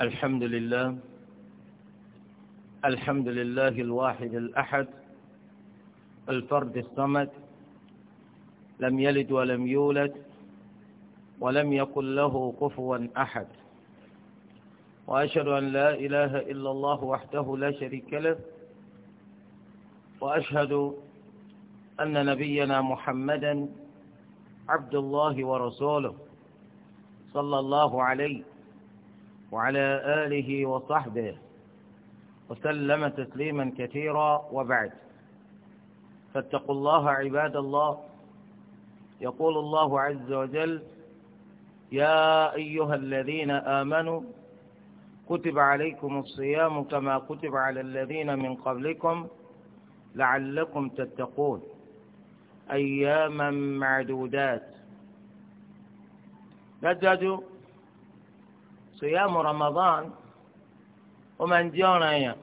الحمد لله الحمد لله الواحد الأحد الفرد الصمد لم يلد ولم يولد ولم يكن له كفوا أحد وأشهد أن لا إله إلا الله وحده لا شريك له وأشهد أن نبينا محمدا عبد الله ورسوله صلى الله عليه وعلى آله وصحبه وسلم تسليما كثيرا وبعد فاتقوا الله عباد الله يقول الله عز وجل يا أيها الذين آمنوا كتب عليكم الصيام كما كتب على الذين من قبلكم لعلكم تتقون أياما معدودات dájúdájú sòyàmù Ramadan ó máa ń jẹ́ ọ̀ràn yàn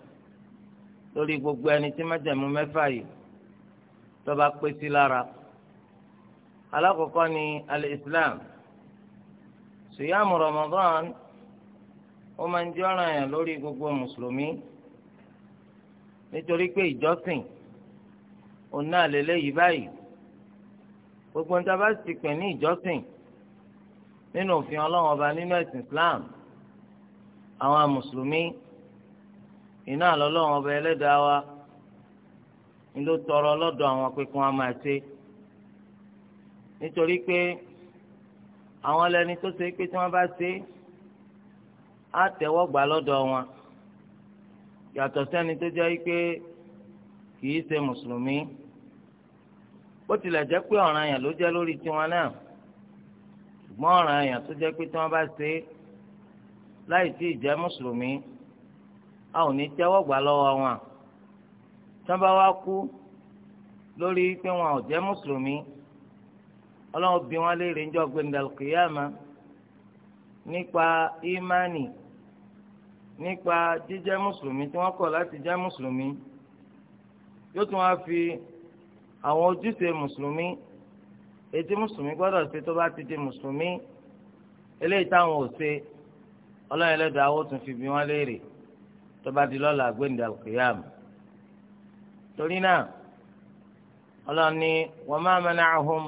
lórí gbogbo ẹni tí májẹ̀mú mẹ́fà yìí tó bá pé sí lára alákọ̀ọ́kọ́ ni al-Islam sòyàmù Ramadan ó máa ń jẹ́ ọ̀ràn yàn lórí gbogbo mùsùlùmí nítorí pé ìjọsìn òun náà lélẹ́yìí báyìí gbogbo níta bá ti pè ní ìjọsìn nínú òfin ọlọ́run ọba nínú ẹ̀sìn Islam àwọn mùsùlùmí iná àlọ́lọ́wọ́n ọba ẹlẹ́dàá wa ni ló tọrọ lọ́dọ̀ àwọn pé kí wọ́n máa ṣe nítorí pé àwọn lẹni tó ṣe pé tí wọ́n bá ṣe á tẹ́wọ́ gbà lọ́dọ̀ wọn yàtọ̀ sẹ́ni tó jẹ́ pé kì ṣe mùsùlùmí bó tilẹ̀ jẹ́ pé ọ̀ranyàn ló jẹ́ lórí tiwọn náà ṣùgbọ́n ọ̀ranyàn tó jẹ́ pé tí wọ́n bá ṣe é láì tí ì jẹ́ mùsùlùmí a ò ní tẹ́wọ́ gbà lọ́wọ́ wọn tán bá wá kú lórí pé wọn ò jẹ́ mùsùlùmí ọlọ́run bí wọn léèrè ńjọ́ gbẹndàlùkìyàmá nípa ìmánì nípa jíjẹ́ mùsùlùmí tí wọ́n kọ̀ láti jẹ́ mùsùlùmí yóò tún wá fi àwọn ojúṣe mùsùlùmí ètí mùsùlùmí gbọ́dọ̀ ṣe tó bá ti di mùsùlùmí eléyìí táwọn ò ṣe ọlọ́run ẹlẹ́dàá ó tún fi bí wọ́n léèrè tó bá di lọ́la gbẹ̀ǹdà kìyàm torí náà ọlọ́run ni wa ma mana'ahum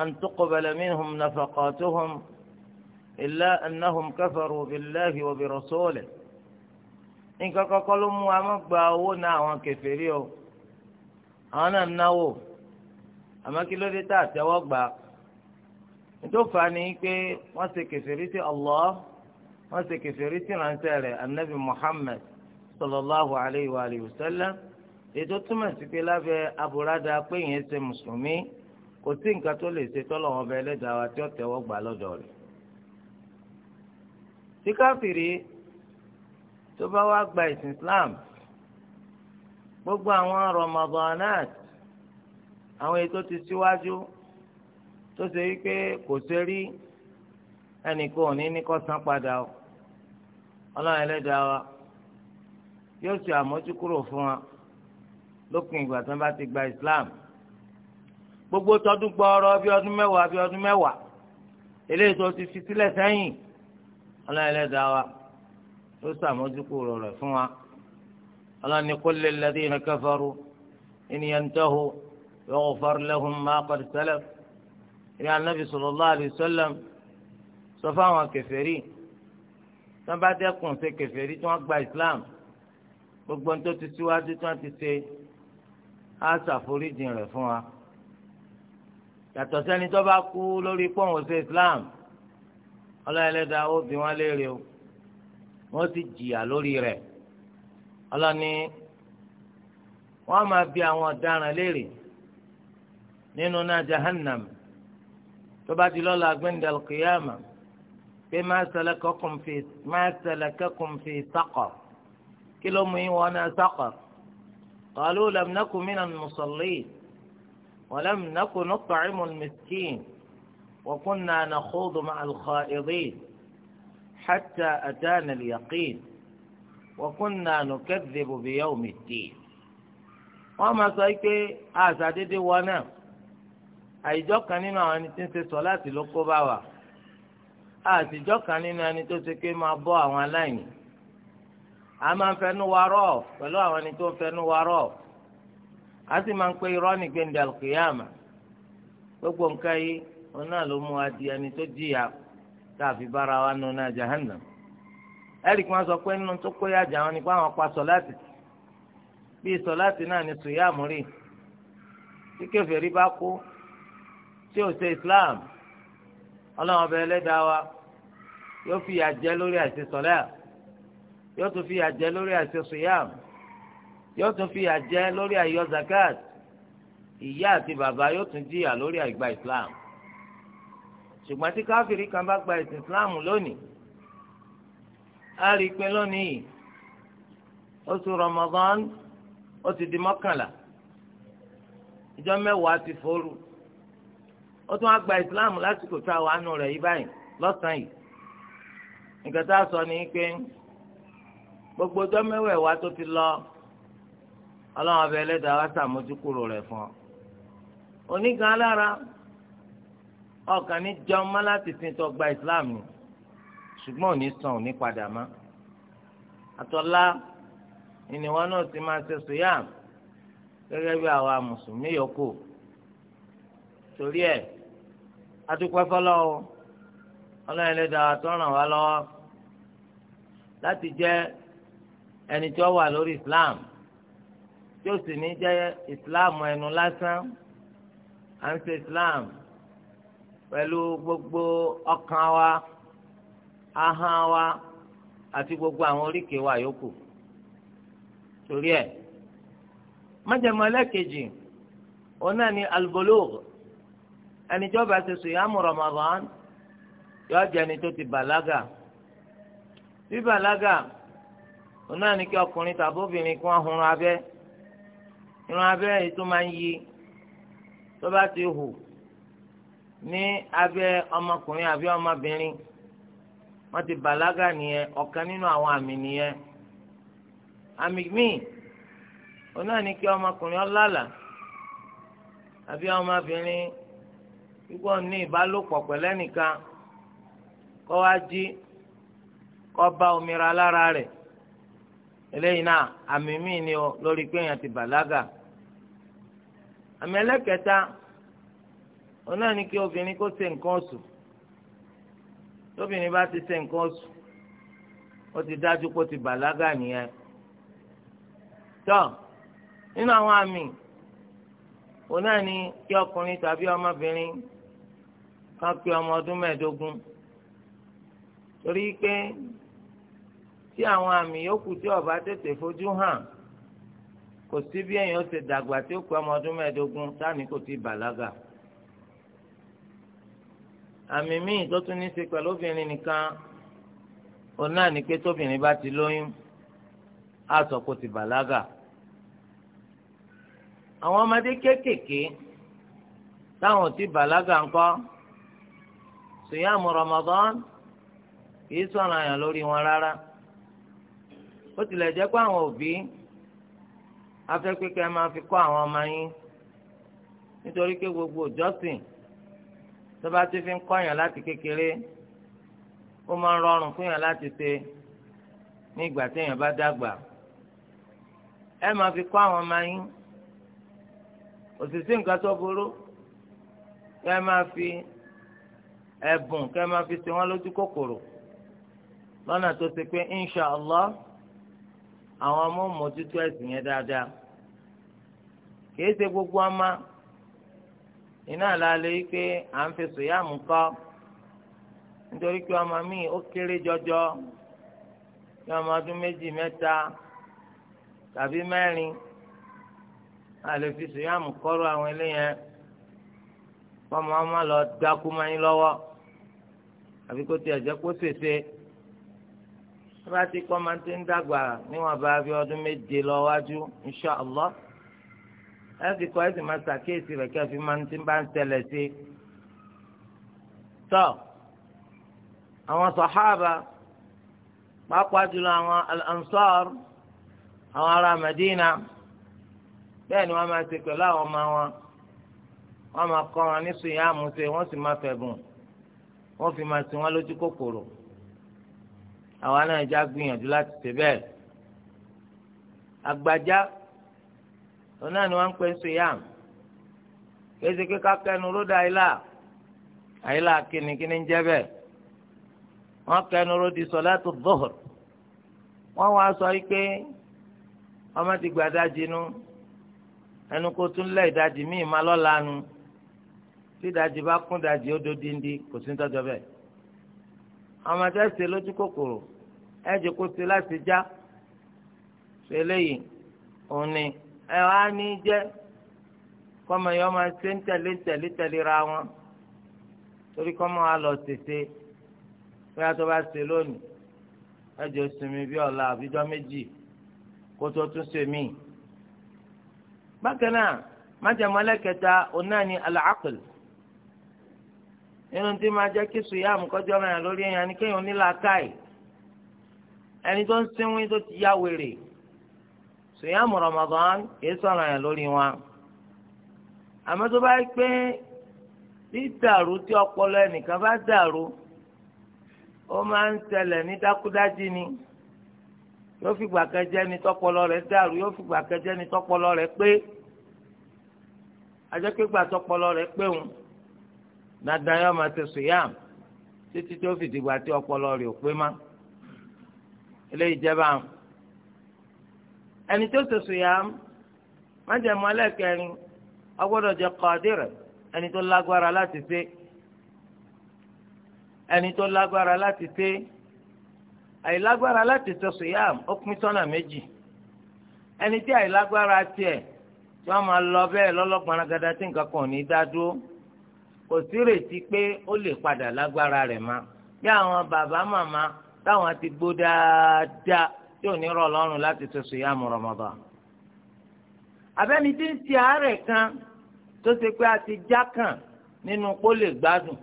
an tuqbala minhum nafaqatuhum illa annahum kafaru billahi wa bi rasulihi nǹkan kọ́kọ́ ló mú wa má gba owó náà àwọn kèfèrí o àwọn náà náwó àmọ́ kí ló dé tá àtẹ́wọ́ gbà nítorí ni pé wọ́n ṣe kèfèrí sí Allah wọ́n ṣe kẹfìrí tí ránṣẹ́ rẹ̀ anabi muhammed sallallahu alayhi wa alihi wa sallam ètò túmọ̀ sí pé lábẹ́ aburada pé yẹn ṣe mùsùlùmí kò sí nǹkan tó lè ṣe tọ́lọ̀ wọn bẹ ẹlẹ́dàá wa tí ó tẹ́wọ́ gbà lọ́dọ̀ rẹ̀. tí káfìrí tó bá wá gba ìsìn islam gbogbo àwọn ramadanat àwọn ètò ti síwájú tó ṣe wípé kò ṣe rí. ẹnìkan ò ní ní kó san padà o ọlọ́run ẹlẹ́dàá wa yóò ṣe àmójúkúrò fún wa lópin ìgbà Islam gbogbo tọdún gbọọrọ bí ọdún mẹ́wàá bí ọdún mẹ́wàá eléyìí tó ti fi sílẹ̀ sẹ́yìn ọlọ́run ẹlẹ́dàá wa yóò ṣe àmójúkúrò rẹ̀ fún wa ọlọ́run ní ma ìyá anábì sọ fáwọn kèfèrí tí wọ́n bá dẹ́kun ṣe kèfèrí tí wọ́n gba islam gbogbo ní tó ti síwájú tí wọ́n ti ṣe á ṣàforíjìn rẹ̀ fún wa yàtọ̀ sẹ́ni tó bá kú lórí pọ́ùn ṣe islam ọlọ́ọ̀lẹ́dàá ó bi wọ́n léèrè o wọ́n ti jìyà lórí rẹ̀ ọlọ́ni wọ́n máa bi àwọn ọ̀daràn léèrè nínú náà jahannam tó bá di lọ́la gbẹ̀ndàlùkìyàmà pé má salakakum fi má salakakum fi saqar kí ló mú yín wọn náà saqar qalu lam naku minal musallin wa lam naku nut'imul miskin wa kunna nakhudu ma'al kha'idin hatta atana al-yaqin wa kunna nukadhibu bi yawmiddin wọ́n máa sọ pé àṣà dédé wọn náà àìjọ kan nínú àwọn ẹni tí ń ṣe sọ láti ló kó bá wa àtijọ́ kan nínú ẹni tó ṣe pé máa bọ́ àwọn aláìní a máa ń fẹnu wa rọ̀ pẹ̀lú àwọn ẹni tó ń fẹnu wa a sì máa ń pe irọ́ ní gbẹ̀ndẹ̀ àlùkìyàmà gbogbo nǹkan yìí òun náà ló mú wa di ẹni tó jìyà tá a fi bára wa nù náà jahannam ẹ̀ríkì wọn sọ pé nínú tó kó yàjà wọn ni pé àwọn pa sọ̀láàtì bí sọ̀láàtì náà ni sùyàmù rí tí kèfèrí bá kú tí ò ṣe Islam ọlọ́run ọbẹ̀ ẹlẹ́dàá wa yóò fi ìyà jẹ lórí àìṣe sọ̀lẹ́ yóò tún fi ìyà jẹ lórí àìṣe sùyàm yóò tún fi ìyà jẹ lórí àìyọ zakat ìyá àti bàbá yóò tún jìyà lórí àìgbà islam ṣùgbọ́n tí káfíìrì kan bá gba ìsìn islam lónìí a rí i pé lónìí oṣù ramadan ó ti di mọ́kànlá ìjọ mẹ́wàá ti fòru ó tún wá gba islam lásìkò tá a wà nù rẹ̀ yí báyìí lọ́sàn-án yìí nǹkan tá a sọ ni pé gbogbo ọjọ́ mẹ́wẹ̀ẹ̀wá tó ti lọ ọlọ́run ọbẹ̀ ẹlẹ́dàá wá sàmójúkúrò rẹ̀ fún ọ. onígan alára ọkàn ní jọun láti sin tó gba islam ni ṣùgbọ́n òní san òní padà má. àtọ́lá ìníwọ́ náà ti máa ṣe sùyàm gẹ́gẹ́ bí àwa mùsùlùmí yòókù torí ẹ̀ adúpẹ́ fọlọ́ o ọlọ́run lè dá tó ràn wá lọ́wọ́ láti jẹ́ ẹni wà lórí islam tí ó sì ní jẹ́ islam ẹnu lásán à ń ṣe islam pẹ̀lú gbogbo ọkàn wa ahọ́n wa àti gbogbo àwọn oríkèé wa yòókù torí ẹ̀ májẹ̀mọ́ ẹlẹ́kejì òun ni albolóògùn ẹni tí ó bá ṣe sùyàmù Ramadan yóò jẹ́ ẹni tó ti bàlágà bí bàlágà òun náà ní kí ọkùnrin tàbí obìnrin kí wọ́n hun abẹ́ irun abẹ́ èyí tó máa ń yí tó bá ti hù ní abẹ́ ọmọkùnrin àbí ọmọbìnrin wọ́n ti bàlágà nìyẹn ọ̀kan nínú àwọn àmì nìyẹn àmì míì òun náà ní kí ọmọkùnrin ó àbí ọmọbìnrin ikú ọ̀ní ìbálòpọ̀ pẹ̀lú ẹnìkan kọ́ wá jí kọ́ bá omira lára rẹ̀ eléyìí náà àmì míì ni o lórí pé èèyàn ti bàlágà àmì ẹlẹ́kẹta òun náà ní kí obìnrin kó ṣe nǹkan oṣù tóbìnrin bá ti ṣe nǹkan oṣù ó ti dájú pé ti bàlágà nìyẹn tó nínú àwọn àmì òun náà ní kí ọkùnrin tàbí ọmọbìnrin. kan pé ọmọ ọdún mẹ́ẹ̀ẹ́dógún torí pé tí àwọn àmì yòókù tí ó tètè fojú hàn kò sí bí èèyàn ṣe dàgbà tí ó ọmọ ọdún mẹ́ẹ̀ẹ́dógún ní kò ti bàlágà àmì míì tó tún ní í ṣe pẹ̀lú obìnrin nìkan òun náà ni pé tóbìnrin bá ti lóyún á sọ bàlágà àwọn ọmọdé kéékèèké táwọn ti bàlágà ńkọ́ sùyàmù Ramadan kì í sọ̀rọ̀ àyàn lórí wọn rárá ó tilẹ̀ jẹ́ pé àwọn òbí afẹ́pẹ́kẹ́ máa fi kọ́ àwọn ọmọ yín nítorí pé gbogbo ìjọsìn tó bá ti fi ń kọ́ yàn láti kékeré ó máa ń rọrùn fún yàn láti ṣe ní ìgbà téèyàn bá dàgbà ẹ máa fi kọ́ àwọn ọmọ yín òṣìṣẹ́ nǹkan tó burú ẹ máa fi ẹ̀bùn kẹ́ ma máa fi ṣe wọ́n lójú kòkòrò lọ́nà tó pe pé insha allah àwọn ọmọ mọ̀tútù ẹ̀sìn yẹn dáadáa kìí ṣe gbogbo ọmọ iná làálẹ̀ yìí pé à ń fi sòyàmù kọ́ nítorí pé ọmọ mi ó kéré jọjọ ní ọmọ ọdún méjì mẹ́ta tàbí mẹ́rin àlè fi sòyàmù kọ́rọ̀ àwọn eléyẹn kọ́mọ ọmọ lọ dákú mọ́ yín àfi kó tiẹ̀ jẹ́ kó ṣèṣe bá ti kọ́ máa ti ń dàgbà níwọ̀n bá fi ọdún méje lọ wájú insha Allah ẹ ti kọ́ ẹ sì máa ṣàkíyèsí rẹ̀ kí ẹ fi máa ti bá ń tẹ̀lẹ̀ sí i. tọ́ àwọn sàhábà pàápàá jùlọ àwọn al àwọn ará Madina bẹ́ẹ̀ ni wọ́n máa ṣe pẹ̀lú àwọn ọmọ wọn wọ́n máa kọ́ wọn ní sùn yá àmúṣe wọ́n sì máa fẹ̀bùn wọ́n fi máa sin wọn lójú kòkòrò àwa náà já gbìyànjú láti ṣe bẹ́ẹ̀ àgbàjá òun náà ni wọ́n ń pè ń so yam kéde kíkà kẹnu ló da àyílà àyílà kìnnìkìnnì ń jẹ́ bẹ́ẹ̀ wọ́n kẹnu ló di sọ̀látù dhuhr wọ́n wá sọ yìí pé ọmọ ti gbàdájì ẹnu kó tún lẹ̀ ìdajì míì má lọ́la nu tí ìdajì bá kún ìdajì ó dó díndín kò sí tọ́jọ́ bẹ́ẹ̀ àwọn ọmọdé ṣe lójú kòkòrò ẹ jẹ́ kó ṣe láti já ṣe léyìí òun ni ẹ wá ní jẹ́ kọ́mọ yẹn máa ṣe ń tẹ̀lé tẹ̀lé tẹ̀lé ra wọn torí kọ́mọ wa lọ tètè bóyá tó bá ṣe lónìí ẹ jẹ́ sinmi bí ọ̀la àbíjọ́ méjì kó tó tún ṣe míì bákan náà májàmọ́lẹ́kẹta òun náà ni al-aql nínú tí máa jẹ́ kí sùyàmù kọjọ náà lórí èèyàn ni kéèyàn nílà káì ẹni tó ń sínwín tó ti yá wèrè sùyàmù Ramadan kìí sọ̀rọ̀ yẹn lórí wọn àmọ́ tó bá yẹ pé dídàrú tí ọpọlọ ẹnìkan bá dàrú ó máa ń ṣẹlẹ̀ ní dákúdájí ni yóò fìgbà kẹjẹ ni tọpọlọ rẹ̀ dàrú yóò fìgbà kẹjẹ ni tọpọlọ rẹ̀ pé ajẹ́pẹ́gbà tọpọlọ rẹ̀ pé òun. dandan yóò máa ṣe sùyàm títí tó fi dìgbà tí ọpọlọ rè pé má eléyìí jẹba ẹni tó ṣe sùyàm májẹ̀mú ẹlẹ́kẹrin ọgbọ́dọ̀ jẹ kọ́ọ̀dìrẹ̀ ẹni tó lágbára láti ṣe ẹni tó lágbára láti ṣe àìlágbára láti ya sùyàm ó pín sọ́nà méjì ẹni tí àìlágbára tí máa lọ kò sí retí pé ó lè padà lágbára rẹ̀ mọ́ bí àwọn bàbá màmá táwọn ti gbó dáadáa tí ò ní rọ̀ lọ́rùn láti ṣoṣo yá mu Ramadan. abẹ́ni tí ń ti àárẹ̀ kan tó ṣe pé a ti já kàn nínú kó lè gbádùn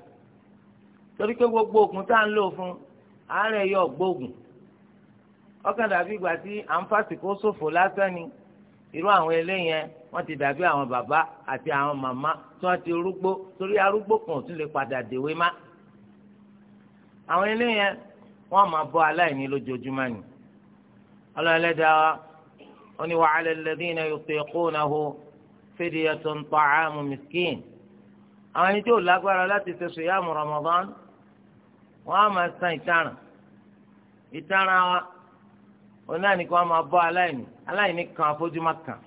torí pé gbogbo oògùn tá à ń lò fún àárẹ̀ yọ gbóògùn ọkàn dàbí ìgbà tí à ń fàsìkò ṣòfò lásán ni irú àwọn eléyẹn wọ́n ti dàbí àwọn bàbá àti àwọn màmá tí wọ́n ti rúgbó torí arúgbó kan ò tún lè padà dèwé má àwọn eléyẹn wọ́n máa bọ́ aláìní lójoojúmọ́ ni ọlọ́ọ̀lẹ́dàá ó ní wa 'ala alladhina yutiqunahu fidyatun ta'amu miskin àwọn ẹni tí ò lágbára láti ṣe sùyàmù Ramadan wọ́n á máa san ìtaràn ìtaràn wa onáà ní kí wọ́n máa bọ́ aláìní aláìní kan afọ́júmọ́ kan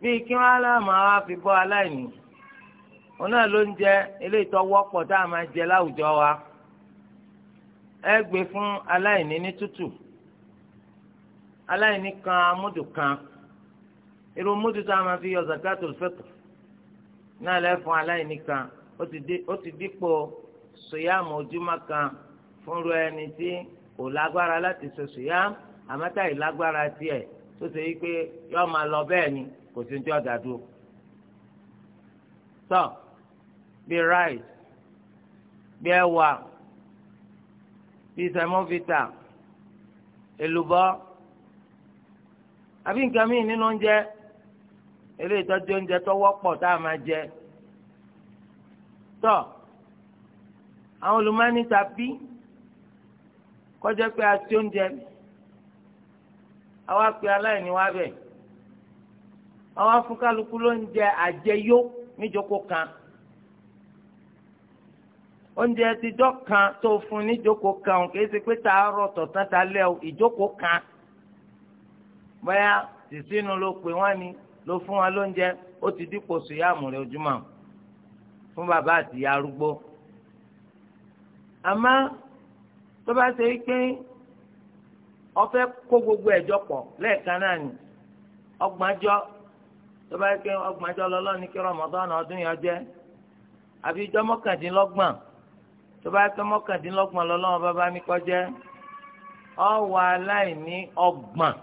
bíi kí wọ́n á máa wá fi bọ́ aláìní onáà ló ń jẹ eléyìí tó wọ́pọ̀ tá a máa jẹ láwùjọ wa ẹ gbé fún aláìní ní tútù aláìní kan amúdù kan irú múdù tá a máa fi yọ zakatul fitr náà lẹ́ fún aláìní kan ó ti dípò sòyàmù ojúmọ́ kan fúnru ẹni tí ò lágbára láti ṣe sùyàm àmọ́tà ìlágbára tiẹ̀ tó ṣe yí pé yọ máa lọ bẹ́ẹ̀ ni kò sí ní ọ̀dà dúró. tọ́ bí rice bí ẹ̀wà bí sẹ̀mọ́fìtà èlùbọ́ àbí nǹkan míì nínú oúnjẹ eléyìí tọ́jú oúnjẹ tó wọ́pọ̀ tá a máa jẹ. tọ́ àwọn olùmọ́ni tàbí. So, kọjá pé a ti oúnjẹ àwa pe aláìní wa bẹ̀ àwa fún kálukú ló ń jẹ àjẹyó níjókòó kan oúnjẹ tijọ́ kan tó fún níjókòó kan kì í ṣe pé tààrọ̀ tọ̀tán ta lẹ́ o ìjókòó kan bóyá tìsínú ló pè wọ́n ni ló fún wọn lóúnjẹ ó ti dípò sùyàmù rẹ̀ ojúmọ́ fún bàbá àti arúgbó àmọ́ tó bá ṣe pé ọfẹ́ kó gbogbo ẹ̀jọ́ pọ̀ lẹ́ẹ̀kan náà ni ọgbọ̀njọ́ tó bá ṣe pé ọgbọ̀njọ́ lọ́lọ́ni kí Ramadan ọdún yẹn jẹ́ àbí ìjọ mọ́kàndínlọ́gbọ̀n tó bá ṣe mọ́kàndínlọ́gbọ̀n lọ́lọ́wọ́ bàbá mi kọ́ jẹ́ ọwọ́ aláìní ọgbọ̀n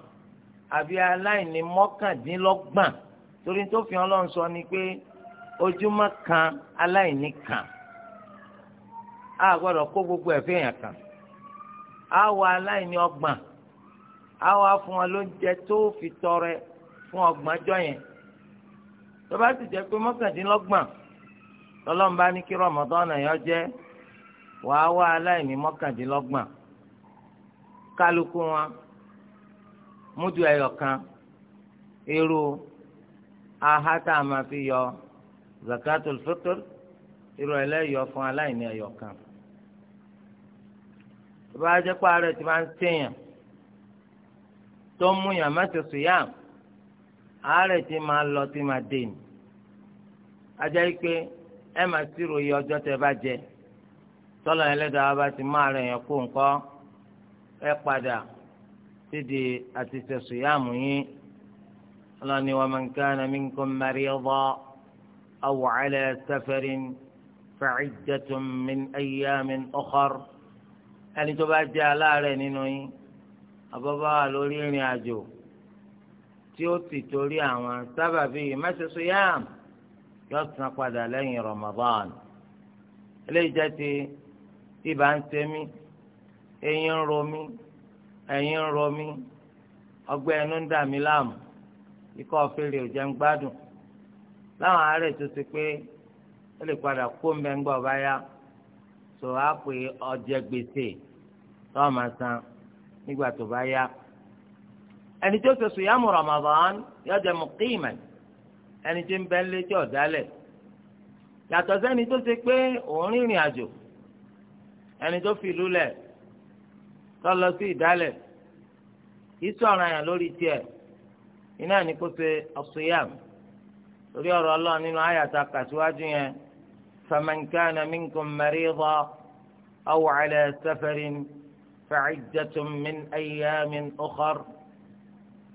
àbí aláìní mọ́kàndínlọ́gbọ̀n torí tó fi ọlọ́run sọ ni pé ojúmọ́ kan aláìní kan a gbọ́dọ̀ kó gbogbo ẹ̀fẹ́ yẹn kan àwa aláìní ọgbọ̀n àwa fún wọn lóúnjẹ tó fi tọrẹ fún ọgbọ̀njọ́ yẹn tó bá sì jẹ́ pé mọ́kàndínlọ́gbọ̀n lọ́lọ́mùbá ní kí rọmọdọ́nà yọ jẹ́ wàá wá aláìní mọ́kàndínlọ́gbọ̀n kálukú wọn múdu ẹyọ irú aha tá yọ zakatul fitr irú ẹlẹ́yọ fún aláìní ẹyọ tó bá jẹ́ pé àárẹ̀ ti máa ń ṣèyàn tó mú yàn má ṣe sùyàm àárẹ̀ ti máa lọ ti máa dé ni ajá yìí pé ẹ máa ṣírò iye ọjọ́ tẹ bá jẹ tọ́lọ̀ ẹlẹ́dàá bá ti máa rẹ̀ yàn kó nǹkan ẹ padà sídi àti ṣe sùyàmù yín ọlọ́ni wa man kana minkum marida aw ala safarin fa iddatun min ayyamin ukhar. ẹni tó bá jẹ aláàárẹ̀ nínú yín àbọ̀bá wà lórí ìrìn àjò tí ó ti torí àwọn sábàbí mẹ́sẹ̀sọ yam yóò san padà lẹ́yìn Ramadan eléyìí jẹ ti ibà ń ṣe eyín ń ro mí ẹ̀yìn ń ro mí ọgbẹ́ ẹnu ń dà mí láàmú ikọ́ ò jẹ́ ń gbádùn láwọn àárẹ̀ tó ti pé ó lè padà kó tó a pè ọjẹ gbèsè tó a máa san nígbà tó bá yá ẹni tó ṣe sùyàmù Ramadan yóò jẹ muqiman ẹni tó ń bẹ ń lé tí ọ̀dálẹ̀ yàtọ̀ sẹ́ni tó ṣe pé òun rìnrìn àjò ẹni tó fi ìlú lẹ̀ tó lọ sí ìdálẹ̀ kì í sọ̀rọ̀ àyàn lórí tiẹ̀ iná ní kó ṣe as torí ọ̀rọ̀ ọlọ́run nínú àyàtà kàṣíwájú yẹn. فمن كان منكم مريضا أو على سفر فعدة من أيام أخر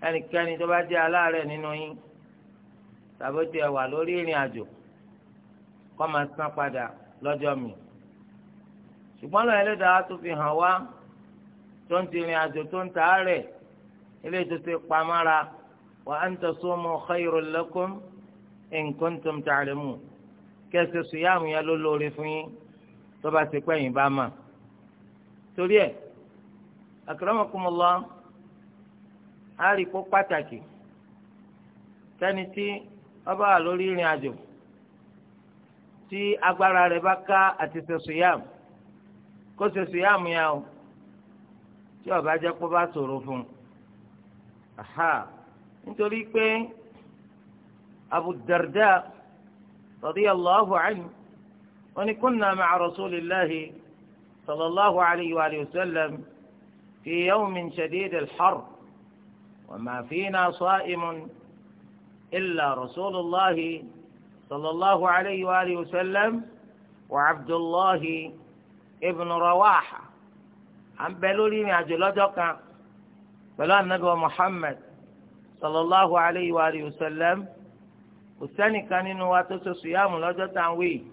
ẹnì kẹ́ni tó bá jẹ́ aláàárẹ̀ nínú yín tàbí tí ẹ wà lórí ìrìn àjò kó máa san padà lọ́jọ́ mi. ṣùgbọ́n lọ́yẹ̀ lè dáa tó fi hàn wá tó ń ti ìrìn àjò tó ń ta àárẹ̀ ilé tó ti pamọ́ra wa an tasumu khayrun lakum in kuntum ta'lamun. kẹsẹ̀ sùyàmù yẹn ló lóore fún yín tó bá ti pẹ́ yín bá mà torí ẹ̀ akramakumullah á rí kó pàtàkì sẹ́ni tí wọ́n bá wà lórí ìrìn àjò tí agbára rẹ̀ bá ká àti ṣe sùyàmù kó o tí ó bá jẹ́ kó bá ṣòro fún un nítorí pé Abu Darda. رضي الله عنه وإن كنا مع رسول الله صلى الله عليه وآله وسلم في يوم شديد الحر وما فينا صائم إلا رسول الله صلى الله عليه وآله وسلم وعبد الله ابن رواحة عم بلولي من أجل pẹ̀lú anabi wa محمد صلى الله عليه واله وسلم kò sẹ́nìkan nínú wa tó ṣe sùyàmù lọ́jọ́ tá à ń wí yìí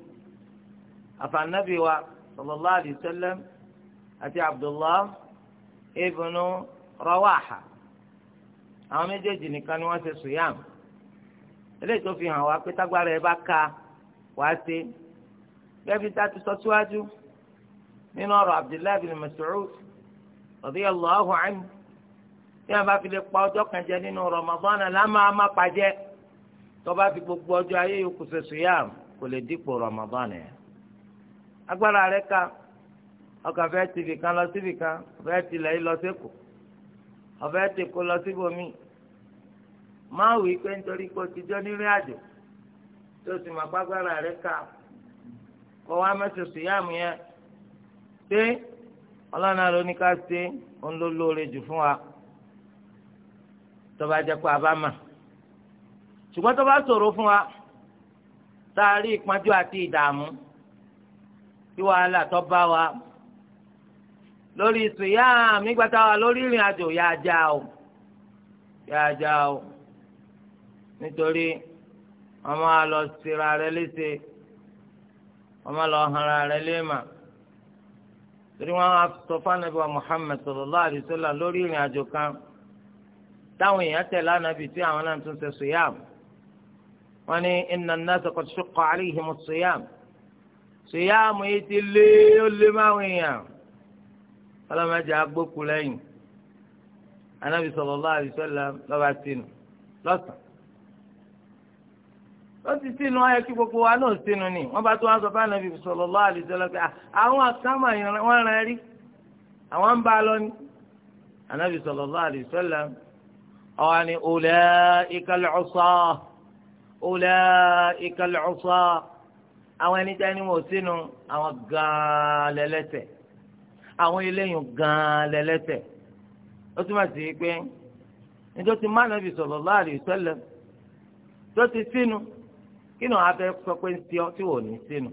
àfànàbí wa sallallahu alayhi wa sallam àti abdullah ibnu rawaha àwọn méjèèjì nìkan ni wọ́n ṣe sùyàmù eléyìí tó fi hàn wá pé tágbára ẹ bá ka wàá ṣe gẹ́gẹ́ tá a ti sọ síwájú nínú ọ̀rọ̀ abdullahi bin mas'ud radiyallahu anhu tí wọ́n bá fi lè pa ọjọ́ kan jẹ nínú ramadan lámàá má pàjẹ́. tọba fi gbogbo ọjọ ayé yòókù ṣe sùyàm kò lè dípò rọmọbọn yẹn agbára rẹ̀ ká ọkàn fẹ́ tìbì kan lọ síbì kan ọfẹ́ tilẹ̀ yìí lọ sẹ́kù ọfẹ́ tìkú lọ síbòmí máa wí pé nítorí o ti jọ tó sì máa ká yẹn a bá ṣùgbọ́n tó bá ṣòro fún wa tá a rí ìpọ́njú àti ìdààmú tí wàhálà tó bá wa lórí sùyàm nígbà táwa lórí ìrìn àjò yà á já o yà á já o nítorí ọmọ àlọ́ síra rẹ léṣe ọmọ àlọ́ hanra rẹ léèmà torí wọn á sọ fánàbí wa Muhammad sallallahu alaihi wasallam lórí ìrìn àjò kan táwọn èèyàn tẹ̀lé ànábì tí àwọn náà tún ṣe sùyàm wọ́n ní inna an-nasa qad shaqqa alayhim as-siyam siyam yìí ti lé ó lé máwọn èèyàn ọlọ́mọdé agbókù lẹ́yìn anabi sallallahu alayhi wasallam lọ́ba sínú lọ́sàn ó ti sínú ayé kí gbogbo wa náà sínú ni wọ́n bá tó wá sọ fún anabi sallallahu alayhi wasallam pé ah, àwọn àkàmà wọn rẹ̀ rí àwọn ń bá a lọ ni anabi sallallahu alayhi wasallam ó wá ní ulaika al-usah. أولئك العصاة àwọn ẹni tẹ́ ni wọ́n sínú àwọn gan-an lẹ́lẹ́ṣẹ̀ àwọn eléyìí gan-an lẹ́lẹ́ṣẹ̀ ó túmọ̀ sí pé nítorí tí mánàbí sallallahu alaihi wasallam tó ti sínú kí ni wọ́n á fẹ́ sọ pé ń ti ọ tí wọ́n ò ní sínú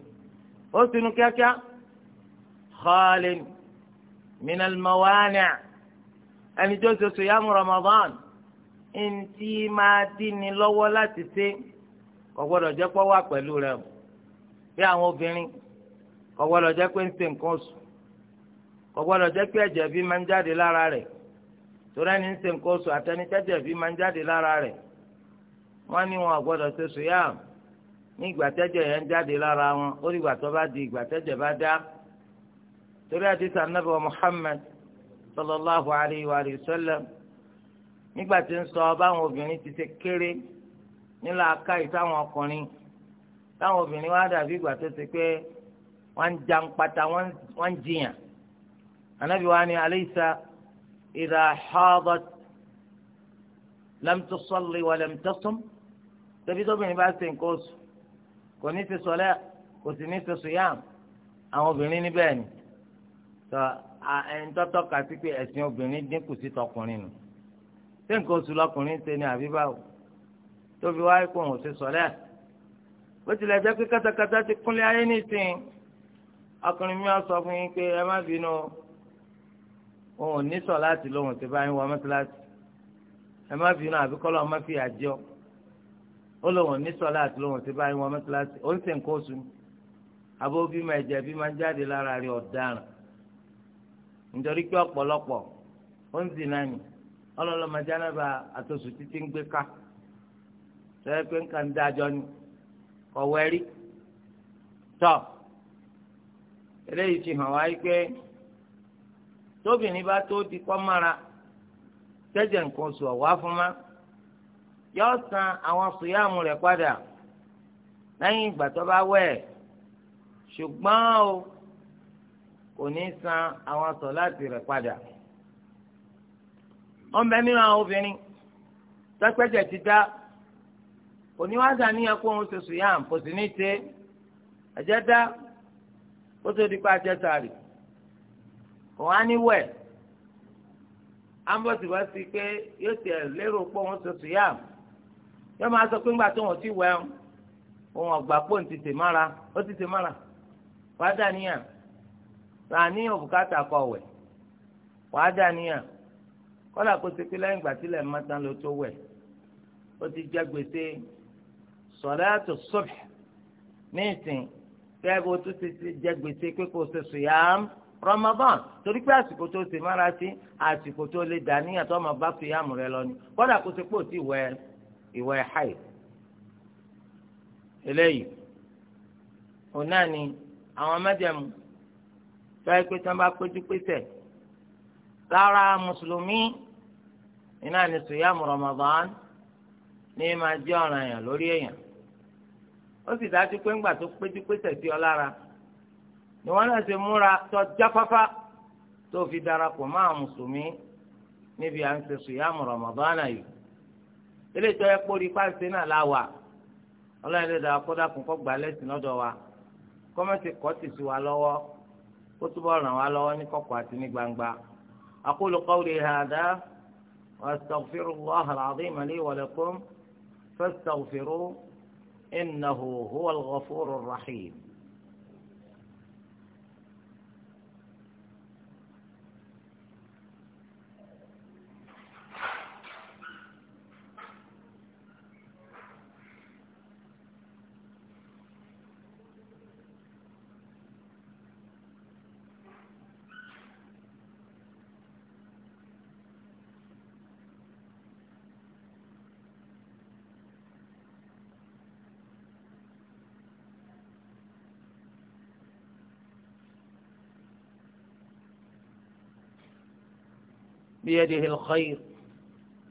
ó sínú kíákíá khalin minal mawani' ẹni tó ṣe Ramadan ẹni tí máa dín ni kò gbọ́dọ̀ jẹ́ pọ́ wà pẹ̀lú rẹ̀ o bí àwọn obìnrin kò gbọ́dọ̀ jẹ́ pé ń ṣe nǹkan oṣù kò gbọ́dọ̀ jẹ́ pé ẹ̀jẹ̀ bí máa ń jáde lára rẹ̀ torí ẹni ń ṣe nǹkan oṣù àtẹnitẹ́jẹ̀ bí máa ń jáde lára rẹ̀ wọ́n ní wọn gbọ́dọ̀ ṣe sùyàmù ní ìgbà yẹn ń jáde lára wọn ó ní tó bá di ìgbà bá dá torí àdìsá nàbẹ Muhammad sallallahu alayhi wa sallam nígbà tí ń sọ báwọn obìnrin ti ṣe kéré nílà aka ìtàwọn ọkùnrin táwọn obìnrin wá dàbí ìgbà tó ti pé wọ́n ń jan pata wọ́n ń jiyàn anabi wa ni aleisa ìdá xaadọ lamtusọlì wà lamtasum tẹbi tóbìnrin bá ṣe nǹkan oṣù kò ní ti sọlẹ kò sì ní ti sùyàm àwọn obìnrin níbẹ̀ ni tọ ẹni tọ́tọ́ kà sí pé ẹ̀sìn obìnrin dínkù sí tọkùnrin nù ṣé nǹkan oṣù lọkùnrin ṣe ni àbí báwo tó fi wáyé kó òun ṣe sọ̀lẹ́ bó tilẹ̀ jẹ́ pé kátàkátà ti kúnlẹ̀ ayé nìsín ọkùnrin mi sọ fún yín pé ẹ má bínú òun ò ní sọ láti lóhùn tí báyìí wọ́n mọ́tíláṣí ẹ má bínú àbí kọ́lọ́ ọmọ fi àjọ ó lóhùn ní sọ láti lóhùn tí báyìí wọ́n mọ́tíláṣí ó ń sìn kó sùn abó bímọ ẹ̀jẹ̀ bímọ jáde lára rẹ̀ ọ̀daràn nítorí pé ọ̀pọ̀lọpọ̀ ó ń zìnnà ni ọlọ́lọ́mọdé náà bá àtọ̀sùn títí ń gbé ká sọ́yẹ́ pé nǹkan dájọ́ ni kọ̀wé rí tọ́ eléyìí ti hàn wáyé pé tóbìnrin bá tó di kọ́ mára tẹ́jẹ̀ nǹkan oṣù ọ̀wá fún ma yọ san àwọn sùyàmù rẹ̀ padà lẹ́yìn ìgbà tó bá wẹ̀ ṣùgbọ́n o kò ní san àwọn sọ̀láàtì rẹ̀ padà wọ́n bẹ nínú àwọn obìnrin tẹ́pẹ́jẹ̀ ti dá oníwájà níyàn kó òun ṣoṣù yá kò sì ní ṣe àjẹta ó tó di pa àjẹta rè òun á ní wẹ̀ ambọ̀sì bá ti pé yóò tiẹ̀ lérò pé òun ṣoṣù yá yóò máa sọ pé ńgbà tó wọn ti wẹ̀ òun ọ̀gbà pò ń ti tè mára ó ti tè mára wàá dà níyàn ràá ní òbúkátà kọ wẹ̀ wàá dà níyàn kọ́lá kó ti pé lẹ́yìn ìgbà tí lẹ́ẹ̀ mọ́tàn ló tó wẹ̀ ó ti jẹ́ gbèsè sọ̀láàtù subh ní ìsìn fẹ́ẹ́ bó tó ti jẹ gbèsè pé kò ṣe sùyàm Ramadan torí pé àsìkò tó ṣe mára sí àsìkò tó lè dà níyàn tó máa bá sùyàm rẹ lọ ni kódà kó ṣe pò sí ìwẹ̀ ìwẹ̀ haid eléyìí òun náà ni àwọn mẹ́jẹ̀mú fẹ́ẹ́ pé tí wọ́n bá péjú pésẹ̀ lára mùsùlùmí iná ni sùyàmù Ramadan ní máa jẹ́ ọ̀ranyàn lórí èèyàn ó sì dájú pé ńgbà tó péjú pésẹ̀ sí ọ lára ni wọ́n náà ṣe múra tó jáfáfá tó fi darapọ̀ mọ́ àwọn mùsùlùmí níbi à ń ṣe sùyàmù rọ̀mọ̀bánà yìí ilé ìtọ́ ẹ kórìí pàṣẹ náà láwà ọlọ́run lè dára kódà kún kọ́ gbà lẹ́sìn lọ́dọ̀ wa kọ́mẹ́tì kọ́ sì sí wa lọ́wọ́ kó túbọ̀ ràn wá lọ́wọ́ ní kọ̀kọ̀ àti ní gbangba aqulu qawli hadha wa astaghfirullaha al-azim li wa lakum إنه هو الغفور الرحيم بيده الخير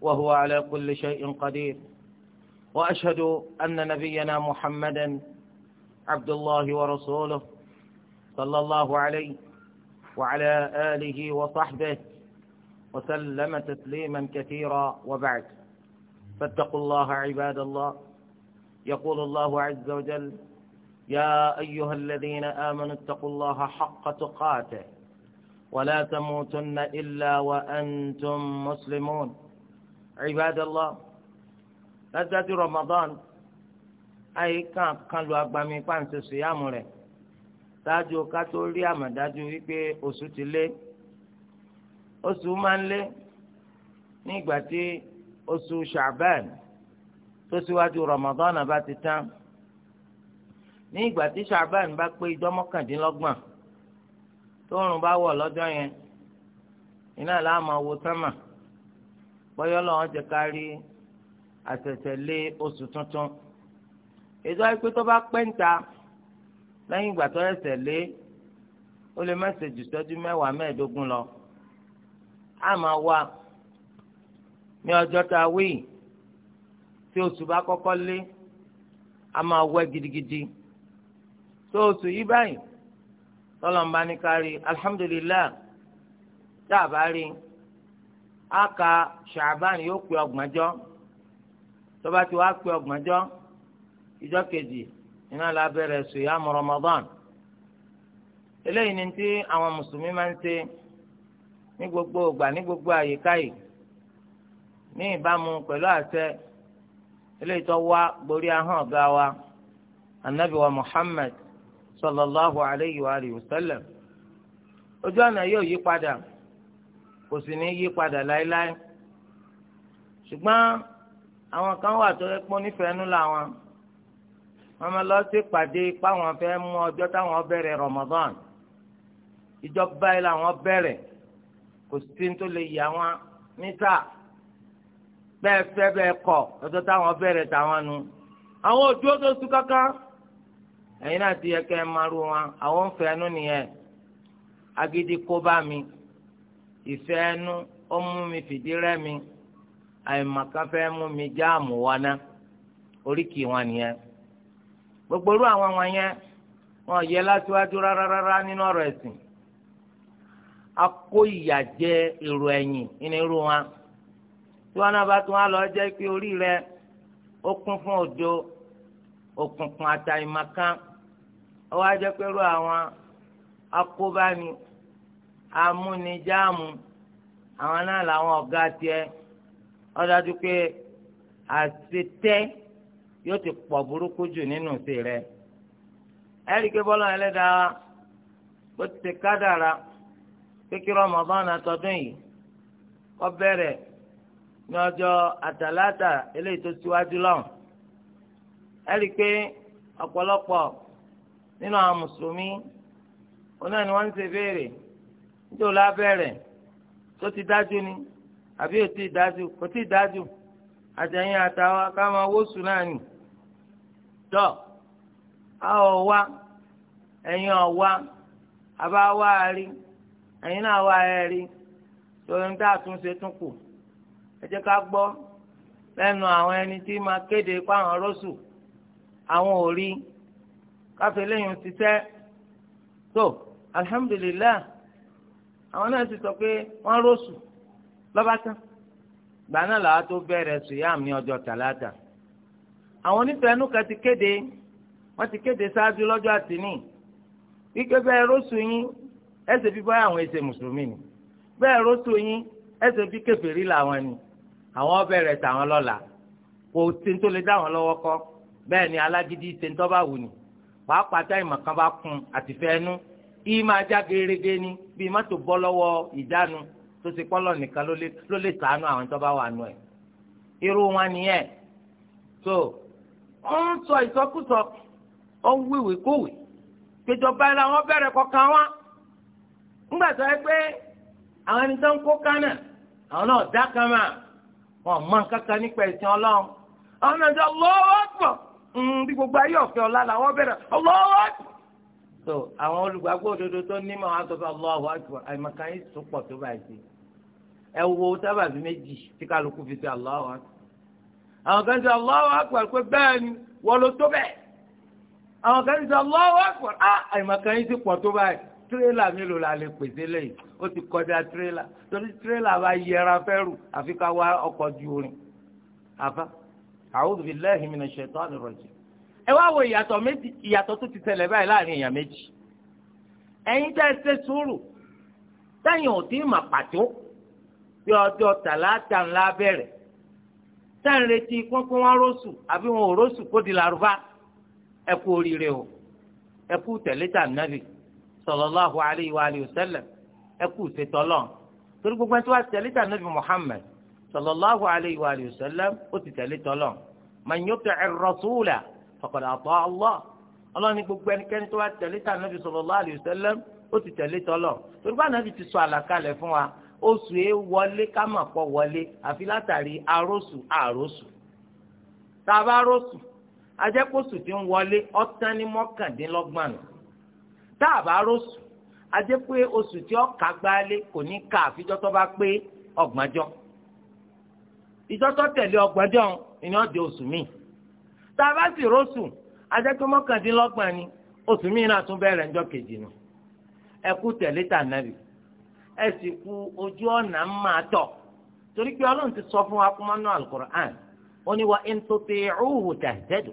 وهو على كل شيء قدير وأشهد أن نبينا محمدا عبد الله ورسوله صلى الله عليه وعلى آله وصحبه وسلم تسليما كثيرا وبعد فاتقوا الله عباد الله يقول الله عز وجل يا أيها الذين آمنوا اتقوا الله حق تقاته ولا تموتن إلا وأنتم مسلمون عباد الله لذات رمضان أي كان كان لو أقبع من فانس صيام له dájú ká tó rí àmọ̀dájú wípé oṣù ti lé oṣù máa ń lé ní ìgbà tí oṣù ṣàbẹ́ẹ̀n tó síwájú rọmọdọ́nà bá ti tán ní ìgbà tí ṣàbẹ́ẹ̀n bá pé ìjọ mọ́kàndínlọ́gbọ̀n tóòrùn bá wọ̀ lọ́jọ́ yẹn iná láàmú wo sánmà bọ́yọ́ lọ́wọ́ jẹ́ ká rí àtẹ̀tẹ̀lé oṣù tuntun ètò àìpé tó bá pẹ́ ń ta lẹ́yìn ìgbà tó ẹsẹ̀ lé ó lè mẹ́sẹ̀jù sẹ́jú mẹ́wàá mẹ́ẹ̀ẹ́dógún lọ á máa ní ọjọ́ tá wí tí oṣù bá kọ́kọ́ lé a máa wẹ́ gidigidi tó oṣù yìí báyìí tọ́lọ́mbà ní kárí alhamdulillah tá a bá rí a ka ṣàbán yóò pé ọgbọ̀njọ́ tó bá ti wá pé ọgbọ̀njọ́ ìjọ kejì iná la bẹ̀rẹ̀ sùyàmù Ramadan eléyìí ni ti àwọn mùsùlùmí máa ń ṣe ní gbogbo ìgbà ní gbogbo àyíká yìí ní ìbámu pẹ̀lú àṣẹ eléyìí tó wá gborí ahọ́n ọ̀gá wa anabi wa sallallahu alayhi wa alihi wa sallam ojú ọ̀nà yóò yí padà kò sì ní yí padà láéláé ṣùgbọ́n àwọn kan wà tó pọ́n nífẹ̀ẹ́ nú làwọn wọn máa lọ sí pàdé páwọn fẹ́ mú ọjọ́ táwọn bẹ̀rẹ̀ Ramadan ìjọba yìí làwọn bẹ̀rẹ̀ kò sí tó lè yà wọn níta bẹ́ẹ̀ fẹ́ bẹ́ẹ̀ kọ̀ ọjọ́ táwọn bẹ̀rẹ̀ tàwọn nu àwọn òdúró tó sùn kankan. ẹ̀yin náà ti yẹ kẹ́ ẹ máa rú wọn àwọn agidi fẹ́ ẹnu nìyẹn kó mi ise ẹnu ó mú mi fìdí mú mi jáàmù wọná oríkì wọn nìyẹn gbogbo irú àwọn wọn yẹn wọn yẹ láṣíwájú rárá nínú ọ̀rọ̀ ẹ̀sìn akó ìyà èrò ẹ̀yìn nínú irú wọn tí wọn náà bá tún wá lọ jẹ́ pé orí rẹ̀ ó kún fún òjò òkùnkùn ọwọ́ ajẹ́ pẹ̀lú àwọn akóbáni amúnijáàmù àwọn náà làwọn ọ̀gá tiẹ̀ ọ̀dájú pé àṣetẹ́ yóò ti pọ̀ burúkú jù nínú sí rẹ̀ ẹ̀ríkì bọ́lá ẹlẹ́dàá bó ti kádàrá kékeré àtọ́dún yìí kọ́ bẹ̀rẹ̀ ní ọjọ́ àtàlátà eléyìí tó ọ̀pọ̀lọpọ̀. nínú àwọn mùsùlùmí òun náà ni wọ́n ń ṣe béèrè nítorí abẹ́rẹ̀ tó ti dájú ni àbí ò tí ì dájú kò tí ì dájú àtẹ̀yìn àtàwọn káwọn awóṣù náà nì tọ́ a ò wá ẹ̀yin ò wá àbá wá a rí ẹ̀yin náà wá ẹ rí torí ń tà tún ṣe tún kù ẹ jẹ́ ká gbọ́ lẹ́nu àwọn ẹni tí máa kéde pé àwọn rọ́ṣù àwọn ò rí i káfíńlẹ́yìn ṣiṣẹ́ tó alhamdulilayi àwọn náà ti sọ pé wọ́n rọ́ọ̀sù lọ́ba tán gbà náà làwa tó bẹ̀rẹ̀ sùyàm ní ọjọ́ tàlátà àwọn onífẹ̀ẹ́nù kan ti kéde wọ́n ti kéde ṣáájú lọ́jọ́ àtìní wípé bẹ́ẹ̀ rọ́ọ̀sù yín ẹsẹ̀ bí báyà àwọn ẹsẹ̀ mùsùlùmí ni bẹ́ẹ̀ rọ́ọ̀sù yín ẹsẹ̀ bí kèfèrí làwọn ni àwọn bẹ̀rẹ̀ tàwọn lọ́la kò sí ní tó lè dá wọn lọ́wọ́ kọ́ bẹ́ẹ̀ ni alágídí ṣe ń tọ́ bá wù ni pàápàá táyì kan bá kun àtìfẹ́ ẹnu yìí máa já gerege ni bí mọ́tò bọ́ lọ́wọ́ ìdánu tó ti pọ́ lọ́ọ̀ nìkan ló lè sàánú àwọn tó bá wà nù ẹ̀ irú wọn so ó ń sọ ìsọkúsọ ó ń wíwèé kówèé péjọba ẹ̀ làwọn bẹ̀rẹ̀ kọkàn wọn ńgbà tó yẹ pé àwọn ẹni tó ń kó kánà àwọn náà wọn mọ nǹkan kan Mm, bí gbogbo ayé ọ̀fẹ́ ọ̀la làwọn bẹ̀rẹ̀ ọlọ́wọ́. so àwọn olùgbàgbọ́ òdodo tó ní ma wọn sọ fún ọlọ́wọ́ àjùmọ̀ àìmọ̀kan yìí tó pọ̀ tó báyìí ẹ wo sábàbí méjì tí kálukú fi ṣe ọlọ́wọ́ àwọn kan ṣe ọlọ́wọ́ àpọ̀ pé bẹ́ẹ̀ ni wọ́n ló tó bẹ́ẹ̀ àwọn kan ṣe ọlọ́wọ́ àpọ̀ ah, àìmọ̀kan yìí ti pọ̀ tó báyìí tírélà mélòó la lè pèsè lẹ́yìn ó ti kọjá tírélà torí tírélà bá yẹra fẹ́rù àfi ká wá ọkọ̀ ju orin àfa a'udhu billahi minash shaitani rajim. ẹ wá wo ìyàtọ̀ méjì ìyàtọ̀ tó ti tẹ̀lẹ̀ báyìí láàrin èèyàn méjì ẹ̀yin tẹ́ ẹ ṣe sùúrù táyìn ò tí ì mà pàtó bí ọjọ́ tàlátà ńlá bẹ̀rẹ̀ tá à ń retí pínpín wọn rósù àbí wọn ò rósù kó di làrúbá ẹ kú oríire o ẹ kú tẹ̀lé tà nàbì sallallahu alayhi wa alihi wa sallam ẹ kú ṣètọ́lọ́ torí gbogbo ẹni Muhammad sallallahu alayhi wa sallam ó ti tẹ̀lé tọ́lọ̀ man yuti'i rasula faqad ata Allah ọlọ́ni gbogbo ẹnikẹ́ni tó bá tẹ̀lé tà nàbì sallallahu alayhi wa sallam ó ti tẹ̀lé tọ́lọ̀ torípa nàbì ti sọ àlàkalẹ̀ fún wa oṣù yẹn wọlé ká mà pọ̀ wọlé àfi látàrí arósù àrósù tàbá arósù ajẹ́kóṣù ti ń wọlé ọ̀tán ní mọ́kàndínlọ́gbọ̀n tàbá arósù ajẹ́pé oṣù tí ọ̀ka gbálé kò ní ká àfijọ́ tó bá pé ọgbọ̀njọ́ ìjọ́tọ́ tẹ̀lé ọgbọ̀njọ́ ni wọ́n di oṣù míì tá a bá sì rọ́ṣù ajẹ́pẹ́ mọ́kàndínlọ́gbọ̀n ni oṣù míì náà tún bẹ̀rẹ̀ ńjọ́ kejì nù ẹ kú tẹ̀lé tànàbì ẹ sì sọ fún wa ó ní wa in tuti'uhu tahtadu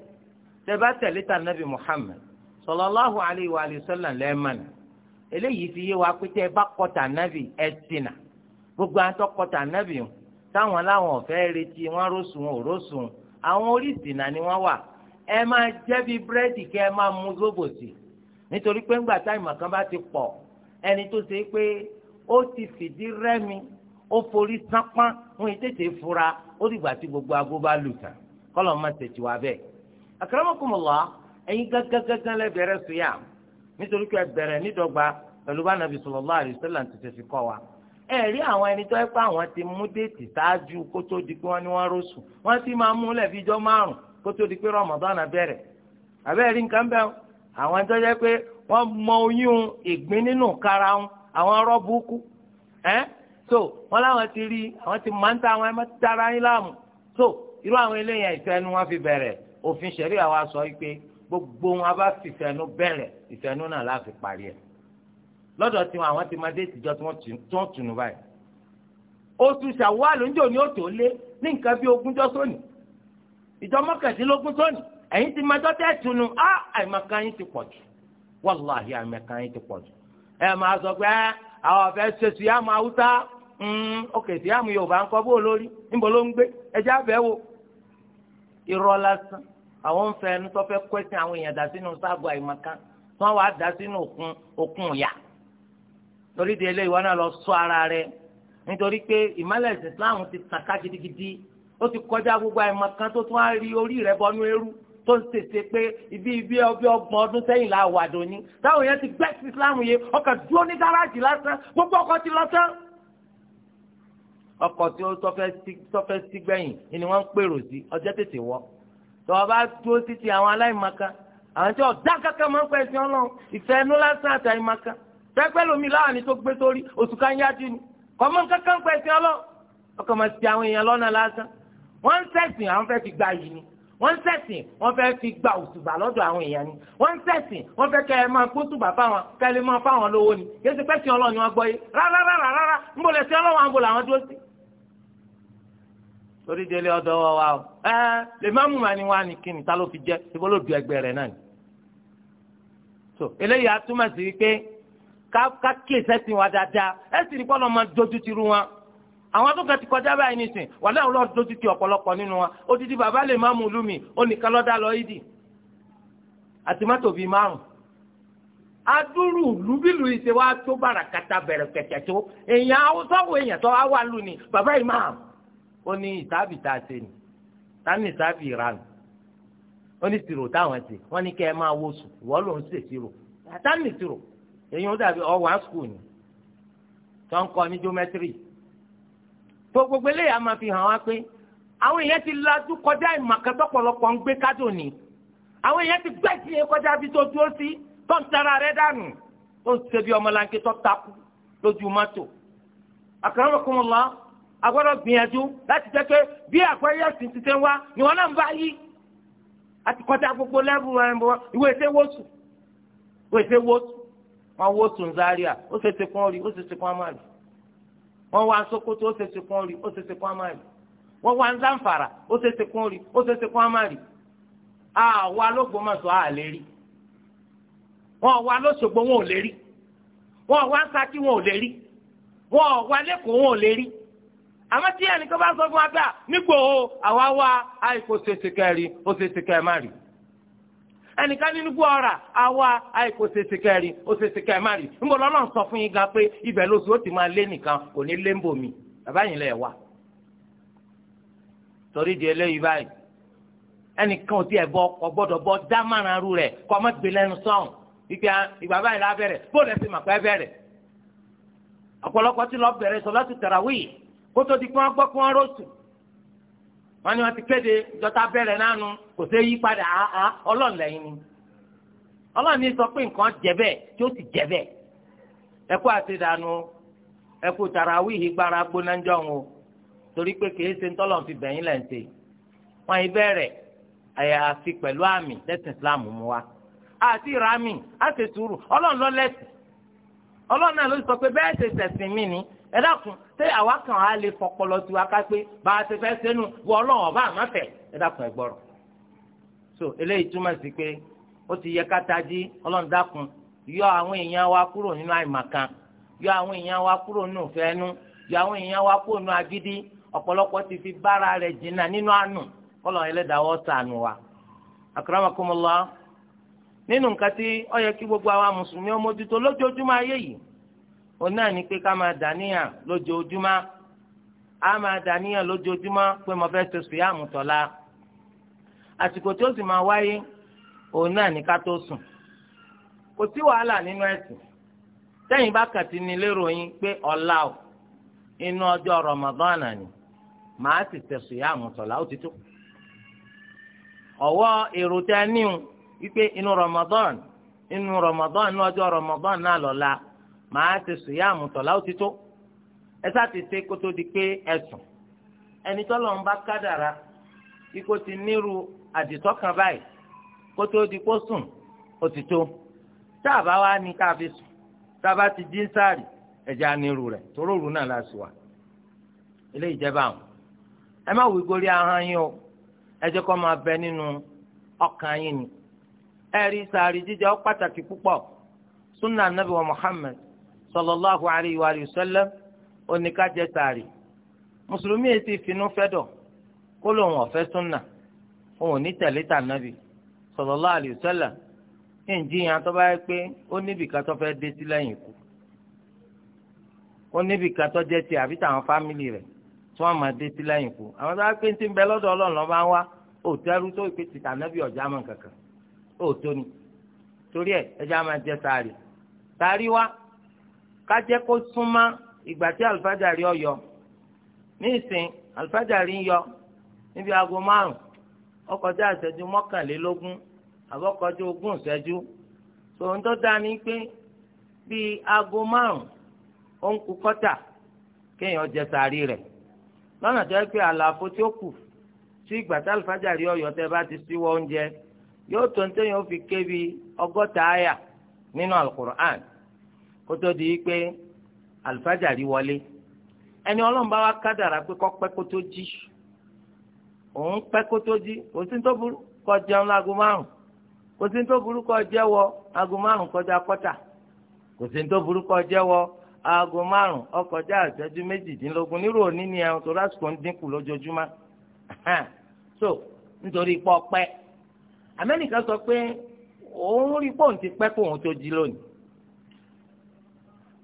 tẹ bá tẹ̀lé tànàbì alayhi wa wa táwọn láwọn ọ̀fẹ́ retí wọ́n rọ́sùn ò rọ́sùn àwọn orí ni wọ́n wà ẹ máa jẹ́ bí búrẹ́dì kẹ́ ẹ máa mú zóbò sí nítorí pé ńgbà táì màkàn bá ti pọ̀ ẹni tó ṣe pé ó ti fìdí rẹ́mi ó forí sápá wọn tètè fura ó dìgbà tí gbogbo agbó bá lù tán kọ́lọ̀ máa tètè wá bẹ́ẹ̀. akramakumullah ẹ̀yin gángangán lẹ bẹ̀rẹ̀ sùyà nítorí pé ẹ bẹ̀rẹ̀ nídọ̀gba pẹ̀lú bá nàbì sallallahu alaihi tètè fi kọ́ wa. ẹ rí àwọn ẹni tó ẹ pé àwọn ti mú déètì ṣáájú kó tó di pé wọn ni wọn rọṣù wọn ti máa mú lẹbi márùn kó tó di pé rọmọdánà bẹ̀rẹ̀ àbẹ nǹkan bẹ àwọn tó jẹ pé wọn mọ oyún ìgbín nínú kara wọn àwọn ẹ so wọn ti ti máa ń ta àwọn ẹmọ yín láàmú so irú àwọn eléyàn ìfẹ́ ni wọ́n fi bẹ̀rẹ̀ òfin ṣẹ̀rí àwa sọ pé gbogbo wọn bẹ̀rẹ̀ náà lọ́dọ̀ tiwọn àwọn ti máa dé ìtìjọ tí wọ́n tùnú báyìí oṣù ṣàwálò ń jò ní òtò lé ní nǹkan bíi ogúnjọ́ sóni ìjọ mọ́kàndínlógún sóni ẹ̀yin ti máa dọ́tẹ́ tunu á àìmọ̀kan yín ti pọ̀ jù wàláhì àìmọ̀kan yín ti pọ̀ jù ẹ máa sọ pé àwọn ọ̀fẹ́ ṣe sùyàmù haúsá hmm, ya ma yorùbá ń bó lórí níbo ló ń gbé ẹjẹ́ abẹ́ wo irọ́ lásán àwọn ń ẹnu tó àwọn èèyàn torí de eléyìí wọn náà lọ sọ ara rẹ nítorí pé ìmọ̀lẹ̀ Islam ti tàka gidigidi ó ti kọjá gbogbo àìmọ̀ kan tó tún á rí orí rẹ bọnú eérú tó ń tètè pé ibi ibi ọbẹ ọgbọ̀n ọdún sẹ́yìn la wà dòní táwọn yẹn ti gbẹ́ sí Islam yẹ ọkọ̀ dúró ní gáràjì lásán gbogbo ọkọ̀ ti lọ tán ọkọ̀ tí ó tọ́fẹ́ sí gbẹ̀yìn ni wọ́n ń pèrò sí ọjọ́ tètè wọ́ tọ́wọ́ bá dúró títí àwọn aláìmọ̀kan àwọn tí ọ̀dá kankan máa ń pẹ́ sí ọlọ́run ìfẹ́ ẹnu lásán àtàìmọ̀kan tẹ́gbẹ́ lomi láàánú tó gbé sórí oṣù kanyájú ni kọ́mọ́ kankan pẹ̀ sí ọlọ́ ọkọ̀ máa ti àwọn èèyàn lọ́nà lásán wọ́n ń sẹ̀sìn àwọn fẹ́ fi gba yìí ni wọ́n ń sẹ̀sìn wọ́n fẹ́ fi gba òṣùbà lọ́dọ̀ àwọn èèyàn ni wọ́n ń sẹ̀sìn wọ́n fẹ́ kẹ́ ẹ máa kó tùbà fáwọn kẹ́ ẹ lè máa fáwọn lówó ni kí ẹsẹ̀ pẹ́sìn ọlọ́ọ̀ni wọn gbọ́ yé rárá rárá rárá ń bò lẹ́sìn ọlọ́wọ́n àbò làwọn dúró sí. torí délé ọ̀dọ̀ wa wa o ẹ lè má mú ma ni wa ni kí ni ta ló fi jẹ ibo ló du ẹgbẹ́ rẹ náà ni. so eléyìí a túmọ̀ sí wípé ká kíyè sẹ́sìn wa dáadáa ẹ̀sìn ní kọ́nà máa dojú ti ru wọn. àwọn tó kẹ́ ti kọjá báyìí nìsín wà láwọn lọ́ọ́ dojú ti ọ̀pọ̀lọpọ̀ nínú wọn odidi bàbá lè má mú un lùmí ó nìkan lọ́dá lọ yídì àti mọ́tò bíi márùn. adúrú lùbílù ìṣe wa tó bàràkàtà bẹ̀rẹ̀ kẹ̀kẹ́ tó èèyàn awúsọ́wọ́ èèyàn tó wá wà lù ní bàbá imam ó ní ìsáàbì tá ṣe ni tá ní ìsáàbì ìranù ó ní tìrò táwọn ṣe wọ́n ní kẹ́ ẹ máa wo sùn ìwọ́ lòún ṣèṣirò àtàní tìrò èyí ó dàbí ọwà skul ni tó ń kọ́ ní geometry tó gbogbo eléyà máa fi hàn wá pé àwọn èèyàn ti lajú kọjá ìmọ̀kẹ́tọ̀pọ̀lọpọ̀ ń gbé kádò ní àwọn èèyàn ti gbẹ́ sí kọjá bí tó dúró sí tó ń tara rẹ dànù ó ń ṣe bí ọmọlanke tó takú lójú mọ́tò àkàràmọ̀kùnmọ̀lá agbọ́dọ̀ gbìyànjú láti jẹ́ pé bí àgbáyé ẹ̀sìn ti ṣe ń wá ni wọ́n náà ń bá yí àti kọjá gbogbo lẹ́bùn ìwé ìṣe wọ́sù ìwé ìṣe wọ́sù wọ́n wó tún Zaria ó ṣe ti kún rí ó ṣe ti kún amáàlì wọ́n wá Sokoto ó ṣe ti kún rí ó ṣe ti kún amáàlì wọ́n wá Zamfara ó ṣe ti kún rí ó ṣe ti kún amáàlì àwa lÓgbómọ̀ṣọ́ àlè rí wọ́n wá lÓṣogbo wọn ò lè rí wọ́n wá Ṣakí wọn ò lè rí wọ́n wá lẹ́kọ̀ọ́ wọn ò lè rí àmọ́ tí ẹnìkan bá sọ fún wa pé nígbò àwa wá àìkò ṣèṣe kẹrin ó ṣe ṣe kẹ má rí ẹnìkan nínú gbọ́ ọ̀rà àwa àìkò ṣèṣe kẹrin ó ṣèṣe kẹmárì ńbọ lọ́nà sọ fún yín ga pé ibẹ̀ lóṣù ó ti máa lé nìkan kò ní lé ń bò mí bàbá yìí lẹ̀ wá. torí di eléyìí báyìí ẹnìkan ò tiẹ̀ bọ ọgbọ́dọ̀ bọ dámàrán arú rẹ̀ kọ́ ọmọ gbé lẹ́nu sọ́hùn ìgbà ah, ìgbà báyìí lábẹ́rẹ̀ bóòlù ẹ̀sìn màpẹ́ bẹ̀rẹ̀ ọ̀pọ̀lọpọ̀ ti lọ bẹ̀rẹ̀ kò sí yí padà àá ọlọ́run lẹ́yìn ni ọlọ́run ní sọ pé nǹkan jẹ bẹ́ẹ̀ tí ó sì jẹ bẹ́ẹ̀ ẹ kú àtidànù ẹ kú gbára gbóná torí pé kìí ṣe ńtọ́lọ̀ fi bẹ̀yìn wọn yìí bẹ̀rẹ̀ àyàfi pẹ̀lú àmì tẹ́sán Islam mu wa àti rami àti sùúrù ọlọ́run lọ lẹ́sìn ọlọ́run náà ló sọ pé bẹ́ẹ̀ ṣe mí ni ẹ dákun ṣé àwa kan á lè fọpọlọ tiwa ká pé bá a fẹ́ sẹ́nu wọ ọlọ́run ọba àmọ́fẹ́ ẹ dákun ẹ gbọ́rọ̀ so eléyìí túmọ̀ sí pé ó ti yẹ ji, ọlọ́run dákun yọ àwọn èèyàn wa kúrò nínú àìmọ̀kan yọ àwọn èèyàn wa kúrò nínú ìfẹ́nu yọ àwọn èèyàn wa kúrò nínú agídí ọ̀pọ̀lọpọ̀ ti fi bára rẹ̀ jìnnà nínú àánú kọ́lọ̀ ẹlẹ́dàá wọ́n sànù wa. àkàràmọ̀kọ́mọlá nínú nǹkan tí ó yẹ kí gbogbo àwa mùsùlùmí ọmọdútó lójoojúmọ́ ayé yìí òun náà ni pé ká máa dàníyàn lójoojúmọ́ á máa dàníyàn lójoojúmọ́ pé mo fẹ́ ṣe àsìkò tí ó sì máa wáyé òun náà ní ká tó sùn kò sí wàhálà nínú ẹ̀sìn sẹ́yìn bá kàtí ni lérò yín pé ọ̀la o inú ọjọ́ Ramadan ni màá sì tẹ̀sùn yá àmùsọ̀lá ó ti tó ọ̀wọ́ èrò tẹ níhùn wípé inú Ramadan inú Ramadan inú ọjọ́ Ramadan náà lọ́la màá tẹ̀sùn yá àmùsọ̀lá ó ti tó ẹ sá ti ṣe kó tó di pé ẹ̀sùn ẹni tọ́lọ́ kádàrá ikó ti nírú àdìtọ́ kan báyìí kó tó di kó sùn ó ti tó tá a bá wá aniru rẹ̀ tóró òru náà láti wà ilé ìjẹba àwọn ẹ o ẹ jẹ́ máa bẹ nínú ọkàn yín ni ẹ̀rí sàárì ọ pàtàkì púpọ̀ sunna anabi wa muhammed sallallahu alayhi wa sallam oníkàjẹ mùsùlùmí yìí ti fẹ́ dọ̀ kó òun ò ní tẹ̀lé tànàbì sallallahu alaihi wasallam ní ìjìyàn tó bá yẹ pé ó níbi kan tó fẹ́ dé sí lẹ́yìn ikú ó níbi kan tó jẹ́ tiẹ̀ àbí tàwọn fámìlì rẹ̀ tí wọ́n máa dé sí lẹ́yìn ikú àwọn tó bá pé ti ń bẹ lọ́dọ̀ ọlọ́run lọ́ba wá ó tẹ́rú tó ìpè ti tànàbì ọ̀já mọ̀ kankan ó tó ni torí ẹ̀ ẹja máa jẹ sáré sáré wá kájẹ́ kó súnmọ́ ìgbà tí àlùfáàjà rí ọ yọ nísìn àlùfáàjà rí ń yọ níbi aago márùn-ún ọkọjá ìṣẹ́jú mọ́kànlélógún àbọ̀kọjá ogún ìṣẹ́jú tòun tó dáa ní pé bíi aago márùn ó ń kù kọ́tà kéèyàn jẹ sàárì rẹ̀ lọ́nà tó yẹ pé àlàfo tí ó kù tí ìgbà tá àlùfájà ọyọ tẹ bá ti síwọ́ oúnjẹ yóò tó ní téèyàn fi ké bíi ọgọ́ta àyà nínú alukur'an kó tó òun pẹ́ kó tó jí kò sí tó burú kó jẹun láago márùn kò sí tó burú kó jẹ́wọ́ aago márùn kọjá kọ́tà kò sí tó burú kó jẹ́wọ́ aago márùn ọkọjá ìṣẹ́jú méjìdínlógún nírò tó lásìkò ń dínkù lójoojúmọ́ so nítorí pọ́ pẹ́ amẹ́nìkà sọ pé òun rí pọ́ùn ti pẹ́ kó òun tó jí lónìí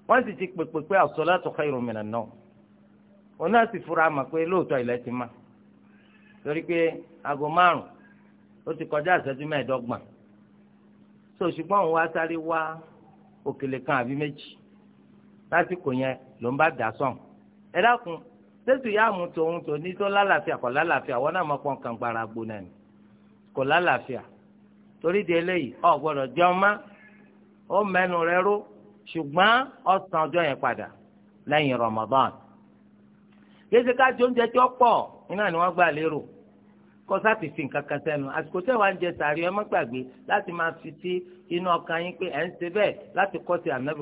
wọ́n sì ti pèpè pé as-salatu khayrun minan nawm fura mà pé lóòótọ́ ilẹ̀ torí pé aago márùn ó ti kọjá ìṣẹ́jú mẹ́ẹ̀ẹ́dọ́gbọ̀n so ṣùgbọ́n òun wá sáré wá òkèlè kan àbí méjì lásìkò yẹn ló ń bá dà sọ̀n ẹ dákun tẹ́tù yá mu tòun tò ní tó lálàáfíà kò lálàáfíà wọn náà mọ̀ pọ̀ nǹkan gbára gbo náà ni kò lálàáfíà torí di eléyìí o gbọ́dọ̀ jẹun má ó mẹ́nu rẹ ró ṣùgbọ́n ọ̀sán ọjọ́ yẹn padà lẹ́yìn Ramadan yéṣe ká jẹ oúnjẹ tí ó pọ̀ iná ni wọ́n gbà lérò kọ́sá ti fi nǹkan kan sẹ́nu àsìkò tẹ́ wàá ń jẹ sàárì ẹ má gbàgbé láti máa fi ti inú ọkàn yín pé ẹ̀ ń ṣe bẹ́ẹ̀ láti kọ́ sí anabi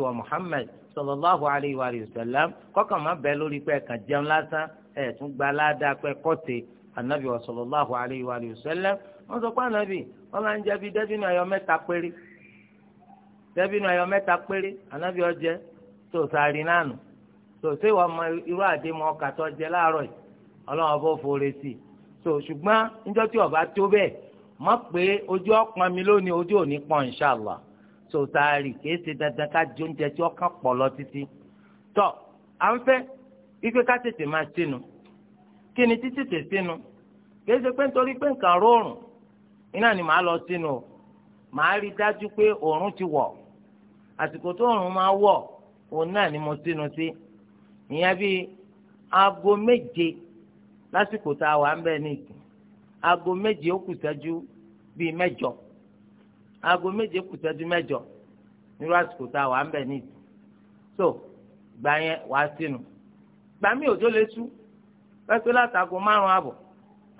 wa alayhi wa sallam kọ́kàn má bẹ́ẹ̀ lórí pé jẹun lásán ẹ̀ tún gba aládàá pé kọ́ wa sallallahu alayhi wa sallam wọ́n sọ pé wọ́n máa ń bí dẹ́bínú ayọ̀ mẹ́ta péré dẹ́bínú ayọ̀ mẹ́ta ọlọ́run bó forí sí i so ṣùgbọ́n níjọ́ tí ọba tó bẹ́ẹ̀ mọ̀ pé ojú ọ̀pọ̀n mi lónìí ojú òní pọ̀ inshallah so sáárì kìí ṣe dandan ká jẹ oúnjẹ tí ọkàn pọ̀ lọ títí tọ́ à ń fẹ́ ife ká tètè máa sínú kí ni títí tètè sínú kìí ṣe pé nítorí pé nǹkan rọrùn iná ni màá lọ sínú o màá rí dájú pé òórùn ti wọ̀ àsìkò tó òórùn máa wọ̀ òun náà ni mo sínú sí ìyẹn bíi aago méje lásìkò tá a wà ń bẹ ní ìsìn aago méje ó kù ìṣẹ́jú bíi mẹ́jọ aago méje kù ìṣẹ́jú mẹ́jọ nírú àsìkò tá a wà ń bẹ ní ìsìn so gbà yẹn wà á sínú gbà mí òjò lè sú pẹ́pẹ́ látàgò márùn-ún àbọ̀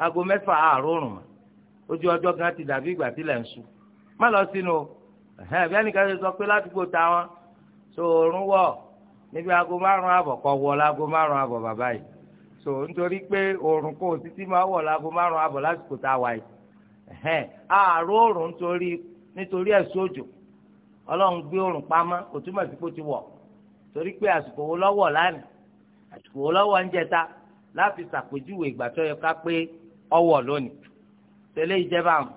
aago mẹ́fà àárọ̀rùn mọ́ ojú ọjọ́ gan ti dàbí ìgbà tí lẹ̀ ń sú má lọ sínú o bí ẹnìkan ṣe sọ pé ládùúgbò táwọn so òórùn wọ̀ níbi aago márùn-ún àbọ̀ kọ́ wọ láago márùn so nítorí pé oòrùn kò títí máa wọ̀ láago márùn àbọ̀ lásìkò tá a wà yìí ẹ̀hẹ́n àárò oòrùn nítorí nítorí ẹ̀sùn òjò ọlọ́run gbé oòrùn pamọ́ kò túmọ̀ sí kó ti wọ̀ torí pé àsìkò wo lọ́wọ́ lánàá àsìkò wo lọ́wọ́ ń jẹta láti ṣàpèjúwe ìgbà tó yẹ ká pé ọwọ́ lónìí tẹ́lẹ̀ ìjẹba àwọn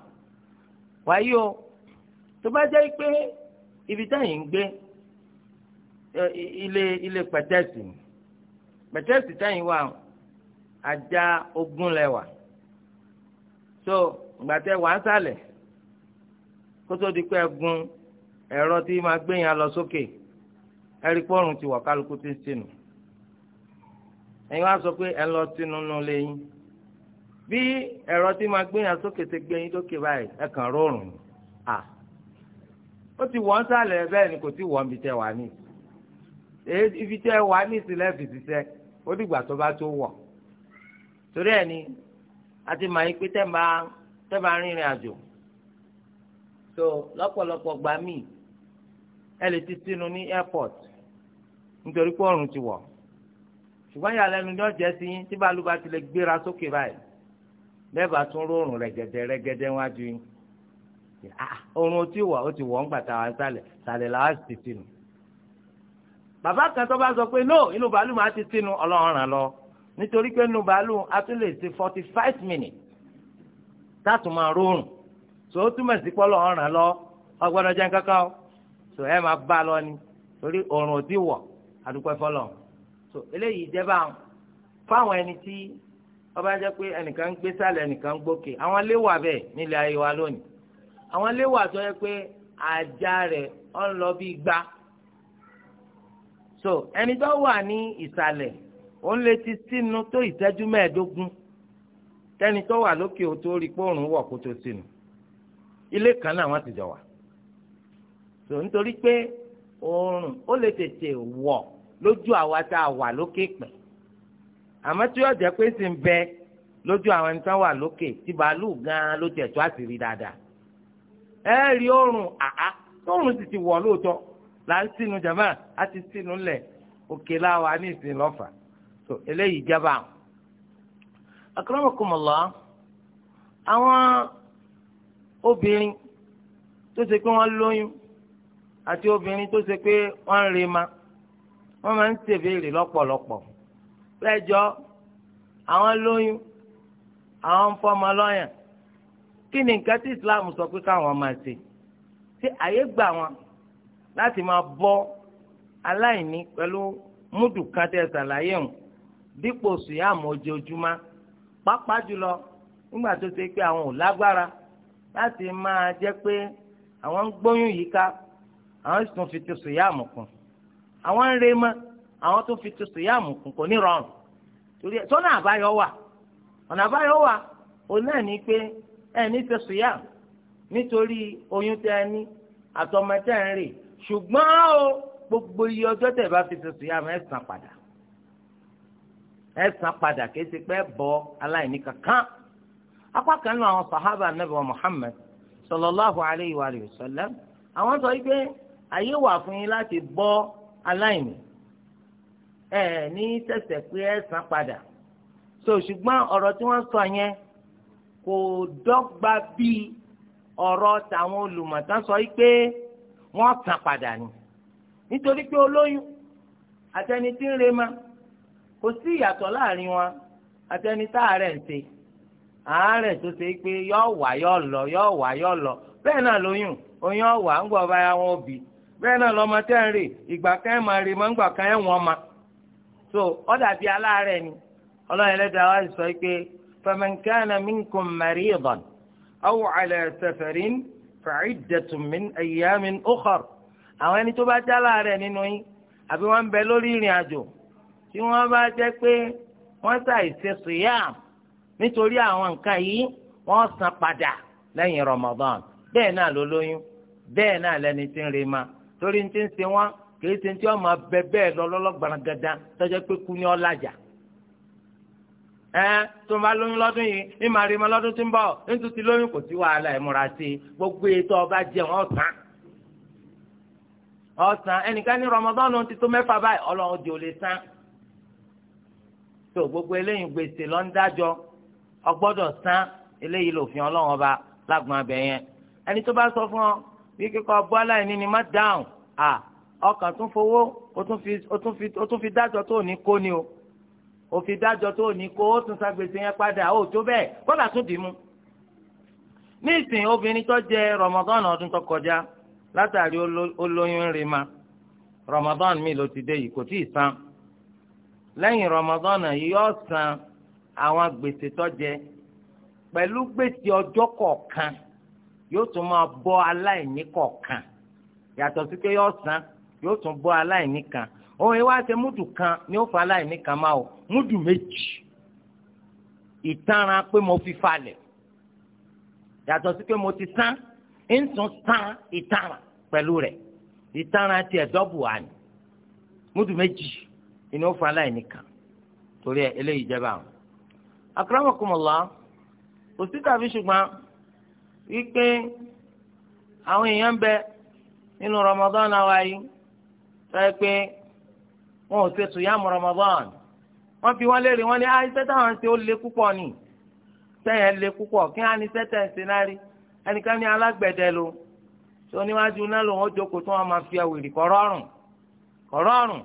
wáyé o tó bá jẹ́ pé ibi táyì ń gbé ilé ilé pẹ̀tẹ́sì pẹ̀tẹ́sì táyìn wà ajá ogún lẹ́wà so gbàtẹ́ wàá sálẹ̀ kótó di pé ẹ̀gún ẹ̀rọ tí máa gbé yẹn lọ sókè ẹ̀rí pọ́ọ̀rùn ti wọ̀ kálukú tí ń sinú ẹ̀yin wá sọ pé ẹ̀ lọ sínú nù lẹ́yìn bí ẹ̀rọ tí máa gbé yẹn sókè ti gbé yín lókè báyìí ẹ̀ kàn rọrùn ni à ó ti wọ́n sálẹ̀ bẹ́ẹ̀ ni kò ti wọ́n bí tẹ́ wà ní ibi tẹ́ wà ní ìsìlẹ̀ fìsísẹ́ ó dìgbà tó bá tó wọ̀ torí ẹ̀ ni a ti mọ̀ pé tẹ́ǹbà tẹ́ǹbà rìnrìn àjò so lọ́pọ̀lọpọ̀ gbà mí ẹ lè ti sínú ní airport nítorí pé ọ̀run ti wọ̀ ṣùgbọ́n ìyàlẹ́nu ní ọ̀jẹ̀ sí yín tí bàálùbá ti lè gbéra sókè báyìí bẹ́ẹ̀ bá tún rọrùn rẹ̀gẹ̀dẹ̀ rẹ̀gẹ̀dẹ̀ wájú yín oorun ah, tí wà ó ti wọ̀ ń gbà wá sálẹ̀ sálẹ̀ làwọn ti sínú bàbá kan tó bá sọ pé no inú bàálù máa ti sínú ọlọ́run ràn lọ nítorí pé nù bàálù a tún forty five minutes tátù máa rọrùn tó o túmọ̀ sí pọ́lọ̀ ọ̀ràn lọ ọgbọ́dọ̀ jẹ́ kankan o tó ẹ máa bá a lọ ni torí oòrùn ò ti wọ̀ àdúpẹ́ fọlọ̀ tó eléyìí jẹ́ báwọn fáwọn ẹni tí ọba jẹ́ pé ẹnìkan ń gbé sálẹ̀ ẹnìkan ń gbókè àwọn léwà bẹ́ẹ̀ nílé ayé wa lónìí àwọn léwà tó yẹ pé àjà rẹ̀ ọ̀ ń lọ bí gbá so ẹni tó wà ní ìsàlẹ̀ ó ń létí sínú tó ìtẹ́jú mẹ́ẹ̀ẹ́dógún tẹ́ni tó wà lókè ó tó rí pòrùn wọ̀ kó tó sínú ilé kan náà wọ́n ti jọ wà tó nítorí pé oòrùn ó lè tètè wọ̀ lójú àwa tá a wà lókè pẹ̀ àmọ́ tí yóò jẹ́ pé sì ń bẹ lójú àwọn ẹni tán wà lókè tí bàálù gan-an ló ti ẹ̀tọ́ àṣírí dáadáa ẹ rí oòrùn àá tóòrùn sì ti wọ̀ lóòótọ́ là ń sínú jàmáà á sínú lẹ̀ òkè láwa ní ìsìn lọ́fàá so eléyìí jábà akramakumullah àwọn obìnrin tó ṣe pé wọ́n lóyún àti obìnrin tó ṣe pé wọ́n ń rema wọ́n máa ń ṣèbéèrè lọ́pọ̀lọpọ̀ lẹ́jọ́ àwọn lóyún àwọn ń fọmọ lọ́yàn kí ni nǹkan tí Islam sọ pé káwọn máa ṣe ṣé àyè gbà wọn láti máa bọ́ aláìní pẹ̀lú múdù ṣàlàyé hàn dípò sùyàmù ojoojúmọ́ pápá jùlọ nígbà tó ṣe pé àwọn ò lágbára láti máa jẹ́ pé àwọn ń gbóyún yìí ká àwọn sì tún fi ti sùyàmù kún àwọn ń re mọ́ àwọn tún fi ti sùyàmù kún kò ní rọrùn torí ẹ̀ sọ́nà àbáyọ wà ọ̀nà àbáyọ wà òun náà ní pé ẹ̀ ní ti sùyàmù nítorí oyún tẹ́ ẹ ní àtọmọ tẹ́ ẹ ń rè ṣùgbọ́n o gbogbo iye ọjọ́ tẹ́ ẹ bá fi ti sùyàmù ẹ̀ sàn padà ẹ san padà kése pé bọ́ aláìní kankan apá kan nínú àwọn sàhábà ànábì wa Muhammad sallallahu alayhi wa sallam àwọn sọ wípé àyè wà fún yín láti bọ́ aláìní ẹ ní tẹ̀sẹ̀ pé ẹ san padà so ṣùgbọ́n ọ̀rọ̀ tí wọ́n sọ yẹn kò dọ́gba bíi ọ̀rọ̀ tàwọn olùmọ̀tán sọ wípé wọ́n san padà ni nítorí pé olóyún àtẹni tí máa kò sí ìyàtọ̀ láàrin wọn àtẹni tá àárẹ̀ ń se àárẹ̀ tó ṣe pé yọ wà yọ lọ yọ wà yọ lọ bẹ́ẹ̀ náà lóyún oyún ọ̀wà ń gbọ́ báyà wọn òbí bẹ́ẹ̀ náà lọ́mọ tẹ́ ń rè ìgbà kan ẹ̀ máa rè mọ́ kan ẹ̀ wọ́n ma so ọ̀dà bíi aláàárẹ̀ ni ọlọ́run ẹlẹ́dàá wa sọ pé faman kana minkum maridan aw ala safarin fa'iddatun min ayyamin ukhar àwọn ẹni tó bá jẹ́ aláàárẹ̀ nínú yín àbí bẹ lórí ìrìn àjò tí wọ́n bá jẹ́ pé wọ́n ṣàìṣe siyam nítorí àwọn nǹkan yìí wọ́n san padà lẹ́yìn Ramadan bẹ́ẹ̀ náà ló lóyún bẹ́ẹ̀ náà lẹni tí ń re ma torí ti ń ṣe wọ́n kì í ṣe tí wọ́n máa bẹ bẹ́ẹ̀ lọ lọ́lọ́gbàrangàdà tọ́jọ́ pé kú ni ọ́ làjà ẹ tó ń bá lóyún lọ́dún yìí ní màá rí ma lọ́dún tí ń bọ̀ nítorí ti lóyún kò sí wàhálà ẹ̀ sí i gbogbo ètò ọba jẹun ọ̀sán ọ̀sán ẹnìkan ní Ramadan ti tó mẹ́fà báyìí ọlọ́run di ò lè san tó gbogbo eléyìí gbèsè lọ ń dájọ́ ọgbọ́dọ̀ san eléyìí lòfin Ọlọ́run ọba lágbọn abẹ yẹn ẹni tó bá sọ fún ọ bí kíkọ ọbọ aláìní ni má dáhùn à ọkàn tún fowó ó tún fi dájọ́ tó ní kó ni o ó fi dájọ́ tó ní kó ó tún san gbèsè yẹn padà ó tó bẹ́ẹ̀ kọ́là tún dì í mú ní ìsìn obìnrin tó jẹ Ramadan ọdún tó kọjá látàrí olóyún rèémà Ramadan mi ló ti dé yìí kò tí ì lẹ́yìn rọmọdọ́nà yóò san àwọn gbèsè tó jẹ pẹ̀lú gbèsè ọjọ́ kọ̀ọ̀kan yóò tún máa bọ́ aláìní kọ̀ọ̀kan yàtọ̀ sí pé yóò san yóò tún bọ́ aláìní kan òun ìwà àti múdù kan ni ó fa aláìní kan máa o múdù méjì ìtanràn pé mo fi falẹ̀ yàtọ̀ sí pé mo ti san ń tún san ìtanràn pẹ̀lú rẹ̀ ìtanràn tiẹ̀ dọ́bù àná múdù méjì ìní ó fa aláìní kan torí ẹ eléyìí jẹba àwọn. akramakumullah òsì tàbí ṣùgbọ́n wípé àwọn èèyàn ń bẹ nínú Ramadan náà wáyé sọ pé wọn ò ṣe sùyàmù Ramadan wọ́n fi wọ́n léèrè wọ́n ní àìsẹ́ ah, táwọn ṣe ó le púpọ̀ ni sẹ́yìn le púpọ̀ kí á ní sẹ́tẹ̀ ṣe náà rí ẹnìkan ní alágbẹ̀dẹ lo ni níwájú náà lòun ó jókòó tó wọn máa fi àwèrè kọ́ rọ́rùn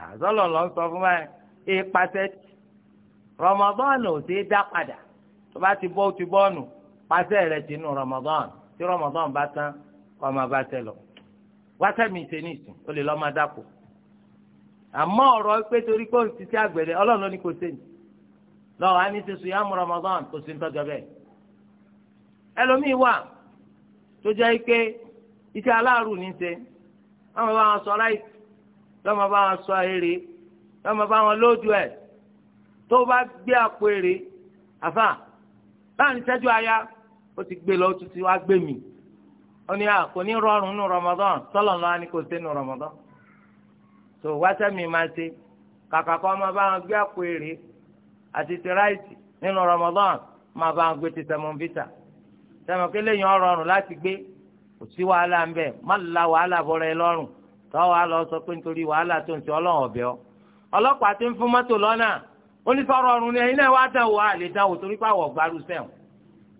àzọlọ lọ sọ fún báyìí ìpàṣẹ rọmọdọ́ọ̀nù ò sí dá padà tó ti bọ́ ti bọ́ọ̀nù pàṣẹ ti tí rọmọdọ́ọ̀n bá tán kọ́ ọmọ bá tẹ lọ. mi ṣe ní ìsìn ó lè lọ́ọ́ máa dáko àmọ́ ọ̀rọ̀ pé torí pé òun ti àgbẹ̀dẹ ọlọ́run ló ní kò ní kò sí bẹ́ẹ̀. ẹlòmíì wà tó lọ́mọ bá wọn sọ èrè lọ́mọ bá wọn lójú ẹ̀ tó bá gbé àpò èrè àfà láàrin sẹ́jú aya ó ti gbé lọ tuntun wá gbé mi ó ní à kò ní rọrùn nù Ramadan sọlọ ńlá ni kò sí nù Ramadan tó wáṣẹ́ mi máa ṣe kàkà kọ́ ọmọ bá wọn gbé àpò èrè àti ti ráìsì nínú Ramadan máa bá wọn gbé ti sẹmọ́nbítà sẹmọ́kẹ́lẹ́yìn ọ̀rọ̀rùn láti gbé kò sí wàhálà ń bẹ̀ má la wàhálà bọ̀rọ̀ lọ́rùn tọ́wọ́ á lọ sọ pé nítorí wàhálà tó ń ṣe ọlọ́run ọ̀bẹ ọ ọlọ́pàá ti ń fún mọ́tò lọ́nà onífọ̀rọ̀ ọ̀run ni ẹ̀yin náà wá dán wò á lè dán wò torí pé àwọ̀ gbaru sẹ́wọ̀n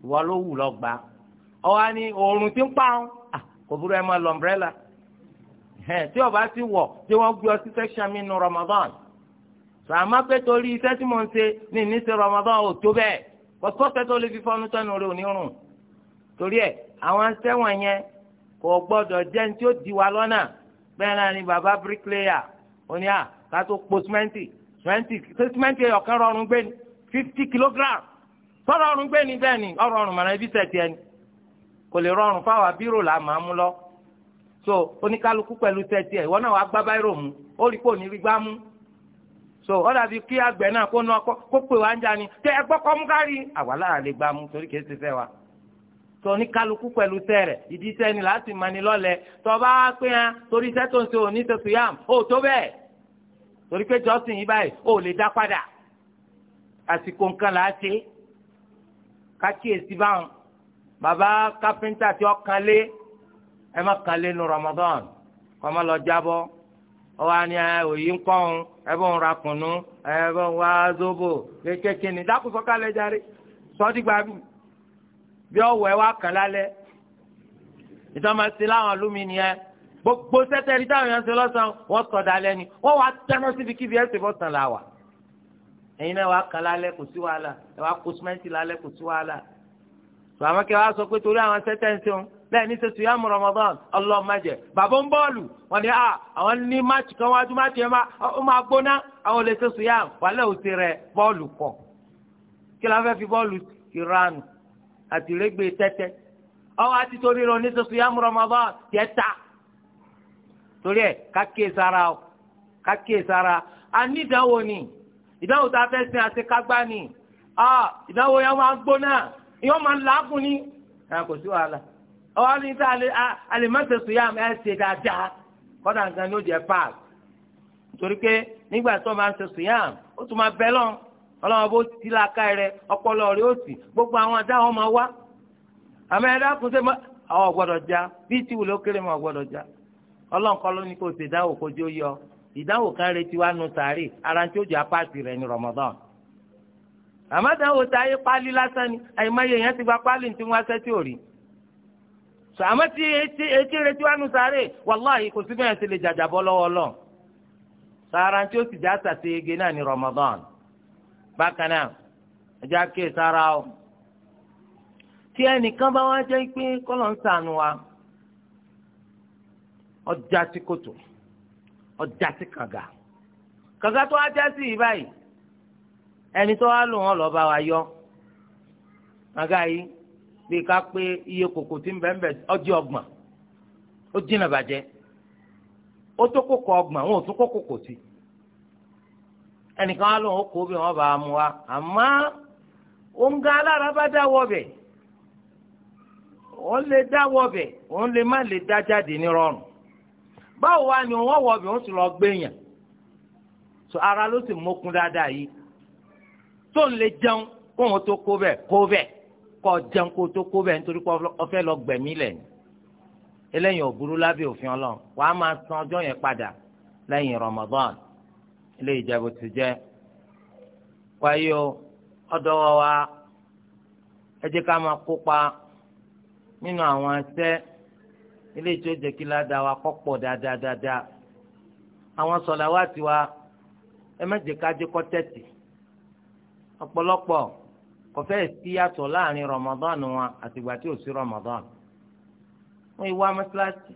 ìwọ ló wù lọ gbà ọwọ́ ni oòrùn ti ń pa ọ́n kò burú ẹ máa lọ ọ̀mbrẹ́là tí ọba ti wọ̀ tí wọ́n gbé ọ sí section mi nu Ramadan sàmá pé torí iṣẹ́ tí mo ń ṣe ní ìníṣe Ramadan ò tó bẹ́ẹ̀ kọ́sẹ́ tó lè fi fọ́nú tẹ́nu rẹ onírùn torí ẹ̀ àwọn sẹ́wọ̀n yẹn kò gbọ́dọ̀ jẹ́ ní tí ó di wa lọ́nà bẹ́ẹ̀ náà ni baba bricklayer oní à kátó po simenti simenti simẹ́ǹtì ọ̀kan rọrùn gbé ni fifty kilogram sọ̀rọ̀ ọ̀rùn gbé ni bẹ́ẹ̀ ni ọ̀rọ̀ mọ̀nà ibi tiẹ̀ ni kò lè rọrùn fáwọn abírò là máa mú lọ so oníkálukú pẹ̀lú sẹ̀ tiẹ̀ ìwọ náà wàá gbá báírò mú ó rí kò ní rí gbá mú so ni tẹ ẹgbọ́ kọ́ mú kárí gbá mú torí tó ní kálukú pẹ̀lú tẹ̀rẹ̀ ìdí sẹ́ni láti mani lọ́lẹ̀ tó bá pé hàn torí iṣẹ́ tó ń ṣe òní tó fìyàm ó tó bẹ́ẹ̀ torí pé jọ́sìn yìí báyìí ó lè dá padà àsìkò nǹkan là á ṣe kákíyèsí báwọn bàbá kápẹ́ńtà tí ó kan lé ẹ má kan lé nu Ramadan kọ́ má lọ jábọ́ ọwọ́ àni òyì ń kọ́ ọ̀hún ẹ bọ́ ń ra kùnú ẹ bọ́ wá zobo kékeré ní dákúsọ́kálẹ̀ járe sọ́dígbàdùn bí ọwọ́ ẹ wá kàn lálẹ́ ìtàn máa ṣe láwọn alúmíní ẹ gbogbo sẹ́tẹ̀ rí táwọn èèyàn ṣe lọ́sàn-án wọ́n sọ̀dà lẹ́ni wọ́n wá dáná síbi kíbi ẹ̀ ṣe bọ́ tàn láwà ẹ̀yin náà wá kàn lálẹ́ kò sí wàhálà ẹ wá kó símẹ́ǹtì lálẹ́ kò sí wàhálà tó àwọn kẹ́ wá sọ pé torí àwọn sẹ́tẹ̀ ń ṣeun bẹ́ẹ̀ ní sẹ́tù yá Ramadan ọlọ́mọdé bàbá ń bọ́ọ̀lù wọn ni a ah, àwọn ní máàcì kan wájú máàcì ẹ̀ máa gbóná àwọn olè sẹ́tù yá wàhálà òsè rẹ̀ bọ́ọ̀lù kọ̀ kí la fẹ́ fi bọ́ọ̀lù ìranù àtìrẹ́gbẹ́ tẹ́tẹ́ ọwọ́ àti torí rẹ oníṣẹ́sọ yá múrọ̀mọ́bá yẹ torí ẹ̀ kákíyè sára o kákíyè sára a ní ìdánwò ni ìdánwò tá a fẹ́ sin àti kágbá ni ìdánwò yẹn máa gbóná yẹn máa làákùn ni kò sí wàhálà ọwọ́ àti níta àlèmọ́sẹ̀sọ yá ẹ̀ ṣe dáadáa kọ́dà nǹkan ní jẹ́ páàkì torí pé nígbà tó máa ń yá ó tún máa bẹ́ lọ́n ọlọ́wọ́n bó ti làákà rẹ ọpọlọ rẹ ó sì gbogbo àwọn àdá wọn máa wá àmọ́ ẹ̀dá kún sí ọ gbọ́dọ̀ já bí ti wùlé ó kéré mọ́ ọ gbọ́dọ̀ já ọlọ́nkọ́ ló ní kó o ṣe ìdánwò kojú yọ ìdánwò kan retí wa nù sàárè ara tí ó jẹ́ apáàtì rẹ ní Ramadan àmọ́ ìdánwò tá a pálí lásán ni àyèmáyé yẹn ti gba pálí tí wọ́n ṣẹ́ tí ò rí sọ tí etí etí retí wa nù sàárè wàláhì kò sí bẹ́ẹ̀ ṣe lè jàjàbọ́ lọ́wọ́ lọ Ramadan. bákan náà ẹjọ́ àkè sára o tí ẹnìkan bá wá jẹ́ pé kọ́lọ̀ ń sànù wa ọjà tí kòtò ọjà tí kàga kàga tó wá já sí yìí báyìí ẹni tó wá lò wọn lọ́ọ́ bá wa yọ kàga yìí bí ká pé iye kòkò tí ń bẹ́ẹ̀ ọjọ́ ọgbọ̀n ó jìnnà bàjẹ́ ó tó ọgbọ̀n wọn ò sí i. ẹnìkan á lóun ó kó bí wọn bá a mú wa àmọ́ òun gan alára bá dáwọ́ bẹ̀ òun lè dáwọ́ bẹ̀ òun lè má lè dá jáde ní rọrùn báwo wá ni wọ́n wọ̀ bẹ̀ òun sì lọ gbẹ̀yàn so ara ló sì mókun dáadáa yìí tó ń lè jẹun kó wọn tó kó bẹ̀ kó bẹ̀ kó jẹun kó tó kó bẹ̀ nítorí pé ọfẹ́ lọ gbẹ̀mí lẹ̀ ni eléyìí ò burú lábẹ́ òfin ọlọ́run wàá máa san ọjọ́ yẹn padà lẹ́yìn Ramadan ilé ìjẹ́bù ti jẹ́ wáyé o ọ̀dọ́wọ́ wa ẹ jẹ́ ká máa kópa nínú àwọn asẹ́ ilé tí ó jẹ́ kí ládàá wa kọ́pọ̀ dáadáa àwọn sọ̀lá wa ti wa ẹ má jẹ́ ká jẹ́ kọ́ tẹ̀tì ọ̀pọ̀lọpọ̀ kò fẹ́ẹ̀ sí yàtọ̀ láàrin rọmọdán wọn àtìgbà tí ò sí rọmọdán wọn ìwà mọ́sálásí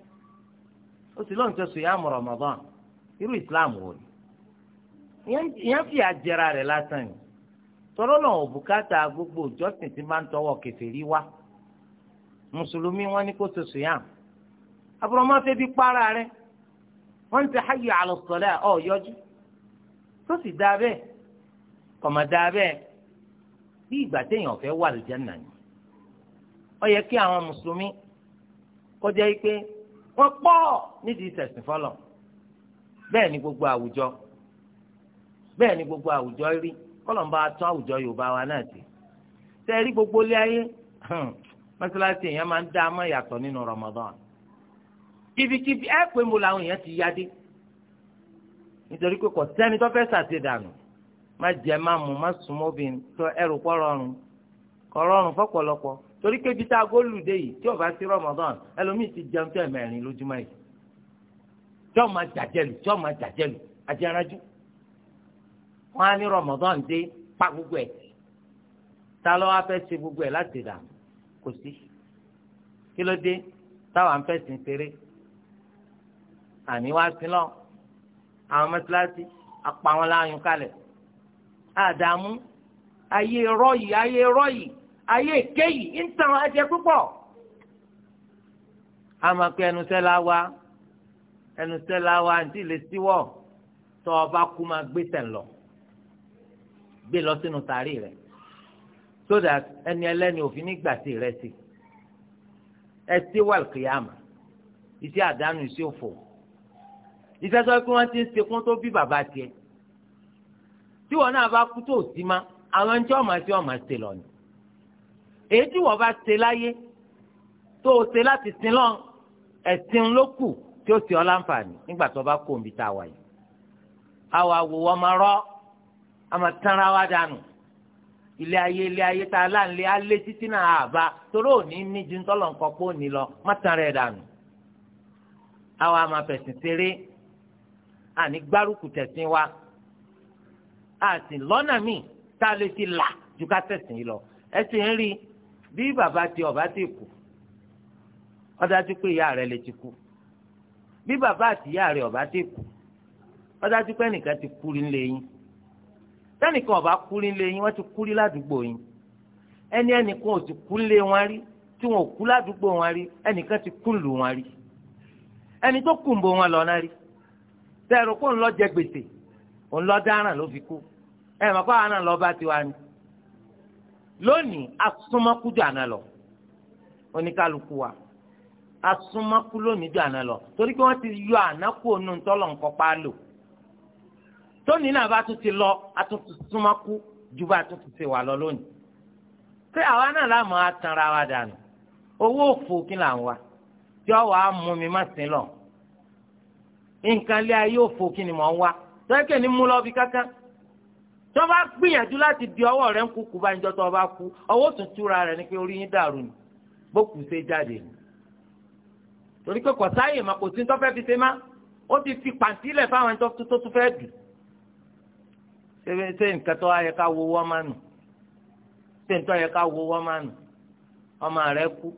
ó sì lóun tẹ̀sùn yá mọ̀ rọmọdán irú ìsìláàmù wò ni ìyẹn fi àjẹra rẹ̀ lásán yìí tọ́rọ́ náà ò bùkátà gbogbo ìjọsìn tí máa ń tọwọ́ kèfèrí wá mùsùlùmí wọn ní kó soso yàn àbúrọ̀mọ́ fẹ́ bí para rẹ̀ wọ́n ń ti hayya ala ọ̀ yọjú tó sì dáa bẹ́ẹ̀ kọ̀mọ̀ dáa bẹ́ẹ̀ bí ìgbà téèyàn fẹ́ wà lùjánà ni ó yẹ kí àwọn mùsùlùmí kọjá yìí pé wọ́n pọ̀ nídìí ìsẹ̀sìn fọlọ̀ bẹ́ẹ̀ ni gbogbo àwùjọ bẹ́ẹ̀ ni gbogbo àwùjọ rí kọ́lọ̀mbà tún àwùjọ yorùbá wa náà ti tẹ́ rí gbogbo ilé ayé mọ́sálásí èèyàn máa ń dá mọ́ ìyàtọ̀ nínú Ramadan kìfìkìfì ẹ pé mo làwọn èèyàn ti yáde nítorí pé kò sẹ́ni tó fẹ́ sàṣe má jẹ má mu má sùn tó ẹrù rọrùn kọ́ rọrùn fọ́pọ̀lọpọ̀ torí pé yìí tí sí ẹlòmíì ti jẹun tó ẹ̀mẹ́rin lójúmọ́ yìí tí ó wọ́n á ní Ramadan dé pa gbogbo ẹ̀ ta ló wá fẹ́ ṣe gbogbo ẹ̀ láti dà kò sí kí ló dé táwa ń fẹ́ sìn ṣeré àní wá sí lọ àwọn mọ́tíláṣí apá wọn láàyùn kalẹ̀ àdààmú ayé rọ yìí ayé rọ yìí ayé èké yìí ń tàn ẹ̀jẹ̀ púpọ̀ àmọ́ pé la wá ẹnusẹ́ la wá àǹtí lè síwọ́ tọ́ ọba kú máa gbé tẹ̀ lọ gbé lọ sínú sàárì rẹ̀ so that ẹni ẹlẹ́ni òfin nígbà tí rẹ̀ sí ẹ ti wà kìyàmù iṣẹ́ àdánù iṣẹ́ òfò iṣẹ́ sọ pé wọ́n ti ń sekún tó bí bàbá tiẹ̀ tí wọn náà bá kú tó sí ma àwọn ẹni tí wọ́n máa ṣe wọ́n ṣe lọ ni èyí tí wọ́n bá ṣe láyé tó o ṣe láti sin lọ ẹ̀sìn ló kù tí ó ṣe ọ́ láǹfààní nígbà tó bá kó omi tá a wà yìí àwa máa rọ́ àmọ́ tanra wa dànù ilé ayé ilé ayé tá a láǹlé alé títí náà àbá torí òní ní ju ńtọ́lọ̀ nǹkan pọ̀ ní lọ má tanra ẹ̀ dànù. àwa máa fẹ̀sìn ṣeré àní gbárùkù tẹ̀sìn wa àti lọ́nà míì tá a lè ti là ju ká tẹ̀sìn yìí lọ ẹ sì ń rí bí bàbá ti ọ̀bá ti kù ó dájú pé ìyá rẹ̀ lè ti kú bí bàbá àti ìyá rẹ̀ ọ̀bá ti kù ó dájú pé ẹnìkan ti kú nílé yín tẹ́nìkan ọba kúrí lé yín wọ́n ti kúrí ládùúgbò yín ẹni ẹnìkan ò ti kú lé wọn rí tí wọn ò kú ládùúgbò wọn rí ẹnìkan ti kú lù wọn rí ẹni tó kù ń bo wọn lọ náà rí tẹ́ẹ̀rù kó ń lọ jẹ gbèsè òun lọ dáràn ló fi kú ẹ̀ mọ̀ fáwọn náà lọ́ọ́ bá tiwa ni lónìí asúnmọ́kú àná lọ oníkálukú wa asúnmọ́kú lónìí jù àná lọ torí pé wọ́n ti yọ àná kú ònú ńtọ́lọ̀ ńkọ́ pa á lò tóní náà bá tún ti lọ atúntúnmá kú ju bá tún ti wà lọ lónìí pé àwa náà láàmú atanra wa dànù owó òfò kí là ń wa tí ọ wàá mú mi má sí lọ nǹkan lé ayé òfò kí ni mò ń wá tẹ́kẹ̀ ní mú lọ bí kankan tí wọ́n bá gbìyànjú láti di ọwọ́ rẹ̀ ń kú kú bá tó bá kú ọwọ́ tún túra rẹ̀ ni pé orí yín dàrú ni bókù ṣe jáde ni torí pé kọ̀sáyè mà kò sí tó fẹ́ fi ṣe má ó ti fi pàǹtí lẹ̀ fáwọn ẹni tó tún fẹ́ dùn ṣé nǹkan tó yẹ ká wo wọ́n máa nù ṣé nǹkan tó yẹ ká wo wọ́n máa nù ọmọ rẹ kú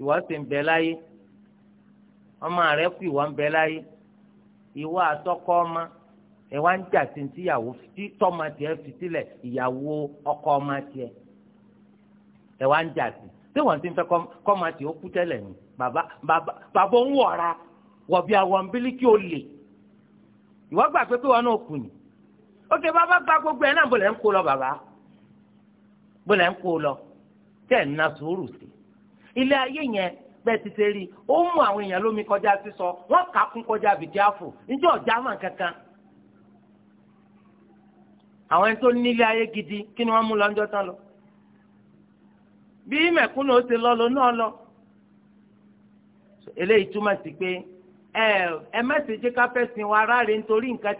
ìwọ sì ń bẹ láyé ọmọ rẹ kú ìwọ ń bẹ láyé ìwọ àtọkọ ọmọ ẹ wá ń jà sí ti ìyàwó tí tọ́mọ tiẹ̀ fi sílẹ̀ ìyàwó ọkọ ọmọ tiẹ̀ ẹ wá ń jà sí tí wọ́n ti ń fẹ́ kọ́mọ tiẹ̀ ó kú tẹ́lẹ̀ ni bàbá bàbá bàbá ń wọ̀ra wọ̀bí àwọn bílíkì ó lè ìwọ gbà pé pé wọn náà kù ni ókè bàbá gba gbogbo ẹ̀ náà bọ̀lẹ̀ ń kó lọ bàbá bọ̀lẹ̀ ń kó lọ na sùúrù sí ilé ayé yẹn bẹ́ẹ̀ ti ṣe rí ó mú àwọn èèyàn lómi kọjá sísọ wọn kà á kún kọjá bìjáfù mà kankan àwọn ẹni tó ayé gidi kí ni wọ́n mú lọ́njọ́ tán lọ bí ó ti lọ lọ náà lọ eléyìí túmọ̀ sí pé ẹ ẹ mẹ́sẹ̀jì káfẹ́sìn wa ráre nítorí nǹkan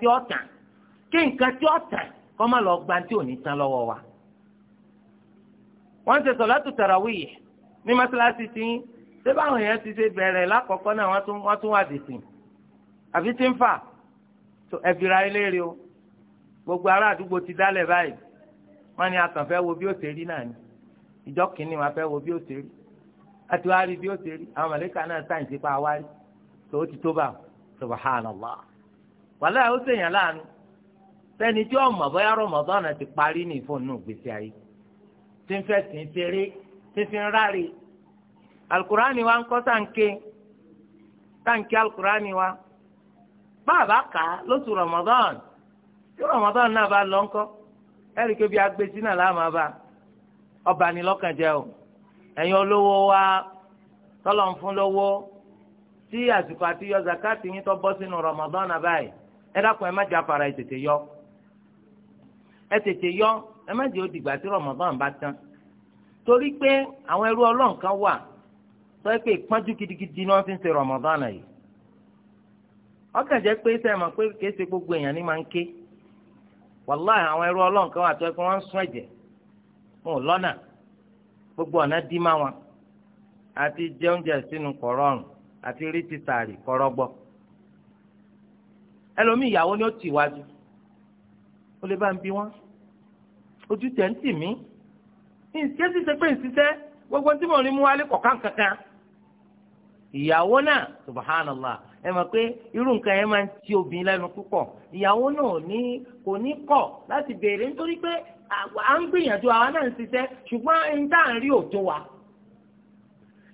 kí nǹkan tí ó tàn kọ́ má lọ gba tí ò ní tán lọ́wọ́ wa. wọ́n ṣe sọ̀látù tàràwíyì ní mọ́ṣáláṣí tí ṣé báwọn èèyàn ti ṣe bẹ̀rẹ̀ lákọ̀ọ́kọ́ náà wọ́n tún wọ́n tún wà dìtì tí ń fà ẹ̀fìrà gbogbo ará àdúgbò ti dálẹ̀ báyìí wọ́n ní akàn fẹ́ wo bí ó ṣe rí náà ni ìjọ kìíní wọn fẹ́ wo bí ó ṣe rí àti wàá rí bí ó ṣe rí àwọn mọ̀lẹ́kà náà pa àwárí ti tó bá sẹ́ni tí ya bóyá na ti parí ní ìfọ̀nù gbèsè ayé tí ń fẹ́ sìn ṣeré tí fi ń ráre alukurani wa ń kọ́ sáǹkè sáǹkè alukurani wa báàbá kà á lóṣù rọmọdọ́n tí rọmọdọ́n náà bá lọ ńkọ́ ẹ̀rí pé bí náà láàmú abá ọba ni lọ́kàn jẹ́ o ẹ̀yin olówó wa tọ́lọ̀ ń fún lówó tí àsìkò àti yọ zakati yín tó bọ́ sínú rọmọdọ́n náà báyìí ẹ má jà fara tètè yọ. ẹ tètè yọ ẹ má jẹ́ òdìgbà tí Ramadan bá tán torí pé àwọn ẹrú Ọlọ́run kan wà tó pé gidigidi ni wọ́n fi ń ṣe yìí ọkàn jẹ́ pé sẹ́yìn mọ̀ pé kìí ṣe gbogbo èèyàn ní máa ń ké wàláhì àwọn ẹrú Ọlọ́run kan wà tó pé gbogbo ọ̀nà dí má wọn àti jẹ oúnjẹ sínú àti rí ni ó ó lè bá ń bí wọn ojú tẹ̀ ń tì mí ìṣesí ṣe pé ìṣiṣẹ́ gbogbo tí mo rí mú wálé kọ̀ọ̀kan kankan ìyàwó náà subhanallah ẹ mọ̀ pé irú nǹkan yẹn máa ń ti obìnrin lẹ́nu púpọ̀ ìyàwó náà ní kò ní kọ̀ láti béèrè nítorí pé à ń gbìyànjú àwa náà ń ṣiṣẹ́ ṣùgbọ́n ẹni tá wa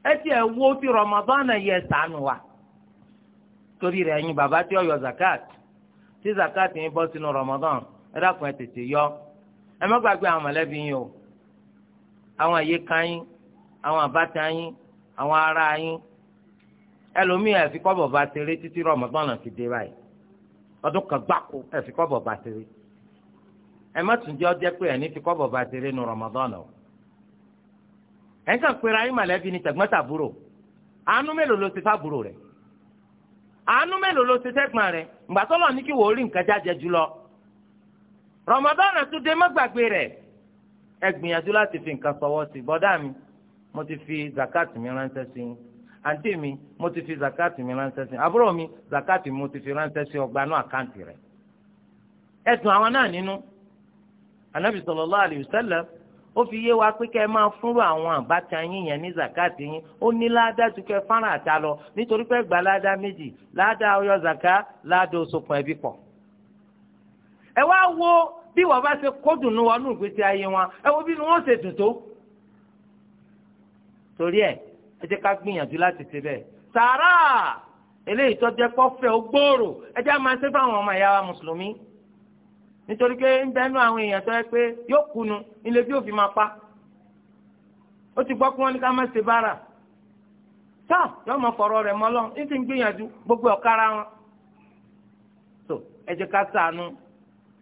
ẹ tiẹ̀ wo ti Ramadan yẹ sànù wa torí rẹ̀ ẹ̀yin bàbá tí ó zakat tí zakat yẹn bọ́ Ramadan ẹ dákun ẹ tètè yọ ẹ má gbàgbé àwọn mọ̀lẹ́bí yín o àwọn àyíká yín àwọn àbáta yín àwọn ará yín ẹlòmíì ẹ fi kọ́bọ̀ bá tẹ̀lé títí rọmọdọ́nà fi dé báyìí ọdún kan gbáko ẹ fi kọ́bọ̀ bá tẹ̀lé ẹ má tún jẹ́ ọjẹ́ pé ẹ̀ fi kọ́bọ̀ bá tẹ̀lé nu rọmọdọ́nà o ẹ̀ kàn pera yín mọ̀lẹ́bí ni tẹ̀gbọ́ntàbúrò àánú mélòó ló ti fábùrò rẹ̀ àánú mélòó ló ti tẹ́gbọ́n rẹ̀ ìgbà tó lọ ní kí wò ó rí nǹkan jáde jùlọ Ramadan tó dé má gbàgbé rẹ̀ ẹ gbìyànjú láti fi nǹkan sọwọ́ sí bọ́dá mi mo ti fi zakat mi ránṣẹ́ sí yín àǹtí mi mo ti fi zakat mi ránṣẹ́ sí yín àbúrò mi zakat mi mo ti fi ránṣẹ́ sí ọgbà náà àkáǹtì rẹ̀ ẹ̀sùn wa sallam ó fi yé wa pé kẹ́ ẹ máa fúnrú àwọn àbáta yín yẹn ní zakati yín ó ní ládájú kẹ́ fáràn àta nítorí pé gbà ládá méjì ládá ọyọ zaka ládá oṣù kan ẹbí pọ̀ ẹ wá wo bí wọ́n bá ṣe kó dùnú wọnú ìgbésí ayé wọn ẹ wo bí wọ́n ṣe dùn tó. torí ẹ ẹ jẹ́ ká gbìyànjú láti ṣe bẹ́ẹ̀ sàárà eléyìí tó jẹ́ kọ́fẹ́ ó gbòòrò ẹ jẹ́ máa ṣe fáwọn ọmọ ìyá wa mùsùlùmí nítorí pé ń bẹ́nu àwọn èèyàn tó yẹ pé yóò kunu ilé bí òfin máa pa ó ti gbọ́ pé wọ́n ní ká má ṣe bára tá yóò máa fọ̀rọ̀ rẹ̀ mọ́ lọ́n ní ti ń gbìyànjú gbogbo ọ̀kára wọn. so ẹ jẹ́ ká ṣàánú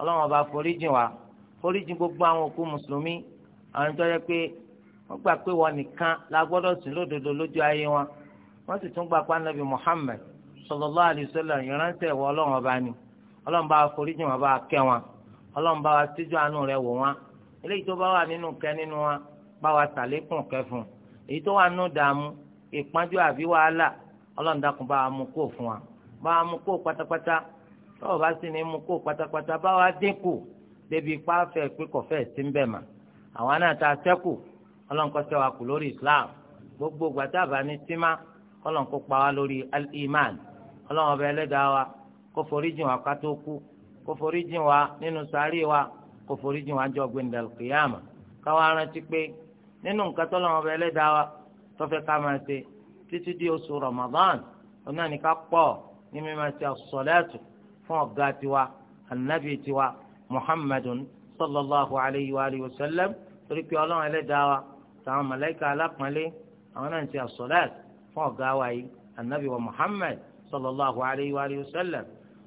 ọlọ́run ọba foríjìn wa foríjìn gbogbo àwọn òkú mùsùlùmí àwọn tó yẹ pé wọ́n gbà pé wọn nìkan la gbọ́dọ̀ sìn lódodo lójú ayé wọn wọ́n sì tún gbà pé anabi Muhammad sallallahu alaihi wasallam ìránṣẹ́ ìwọ ọlọ́run ọba ni ọlọ́run bá wa foríjìn wọn bá wa kẹ́ wọn ọlọ́run bá wa síjú àánú rẹ̀ wò wọn eléyìí tó bá wà nínú kẹ́ nínú wọn bá wa sàlékùn kẹfùn èyí tó wà nínú dààmú ìpọ́njú àbí wàhálà ọlọ́run dákun bá wa mú kó fún wa bá wa mú kó pátápátá tọ́wọ́ bá sì ní mú kó pátápátá bá wa dínkù débi ipá fẹ́ pé kọ̀fẹ́ sí ń bẹ̀ mà àwọn ta sẹ́kù ọlọ́nkọ́sẹ́ wa kù lórí Islam gbogbo gbàtàbà ní tímá ọlọ́nkọ́ pa wa lórí al-iman ọlọ́wọ́n bẹ ẹlẹ́dàá wa kó foríjìn wa ká tó kú kó foríjìn wa nínú sáré wa kó wa jọ kìyàmà rántí pé nínú nǹkan tọ́lọ́wọ́n bẹ ẹlẹ́dàá wa tọ́fẹ́ ká máa ṣe títí di oṣù Ramadan ọ̀nà ní ká pọ̀ ní mímọ́ فوقاتوا النبي توا محمد صلى الله عليه وآله وسلم ربي الله عليه دعوة تعالى ملايكة على قمالي أنا أنت الصلاة فوقاتوا النبي ومحمد صلى الله عليه وآله وسلم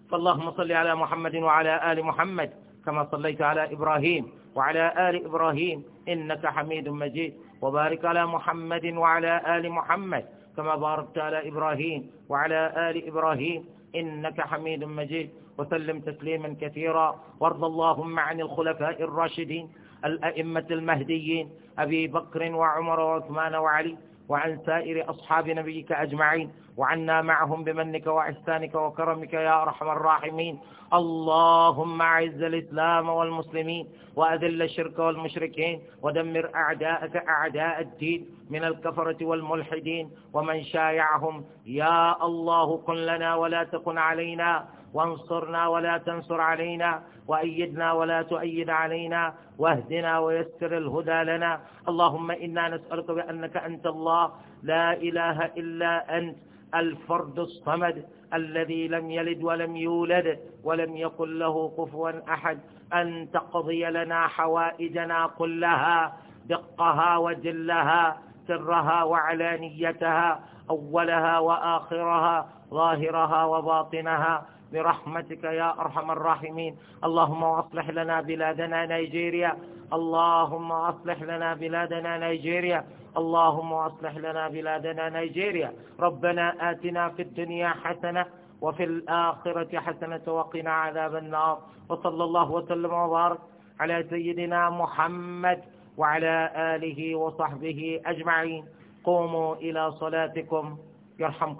فاللهم صل على محمد وعلى آل محمد كما صليت على إبراهيم وعلى آل إبراهيم إنك حميد مجيد وبارك على محمد وعلى آل محمد كما باركت على إبراهيم وعلى آل إبراهيم إنك حميد مجيد وسلم تسليما كثيرا وارض اللهم عن الخلفاء الراشدين الأئمة المهديين أبي بكر وعمر وعثمان وعلي وعن سائر أصحاب نبيك أجمعين وعنا معهم بمنك وإحسانك وكرمك يا أرحم الراحمين اللهم أعز الإسلام والمسلمين وأذل الشرك والمشركين ودمر أعداءك أعداء الدين من الكفرة والملحدين ومن شايعهم يا الله كن لنا ولا تكن علينا وانصرنا ولا تنصر علينا وأيدنا ولا تؤيد علينا واهدنا ويسر الهدى لنا اللهم إنا نسألك بأنك أنت الله لا إله إلا أنت الفرد الصمد الذي لم يلد ولم يولد ولم يقل له كفوا أحد أن تقضي لنا حوائجنا كلها دقها وجلها سرها وعلانيتها أولها وآخرها ظاهرها وباطنها برحمتك يا أرحم الراحمين اللهم أصلح لنا بلادنا نيجيريا اللهم أصلح لنا بلادنا نيجيريا اللهم أصلح لنا بلادنا نيجيريا ربنا آتنا في الدنيا حسنة وفي الآخرة حسنة وقنا عذاب النار وصلى الله وسلم وبارك على سيدنا محمد وعلى آله وصحبه أجمعين قوموا إلى صلاتكم يرحمكم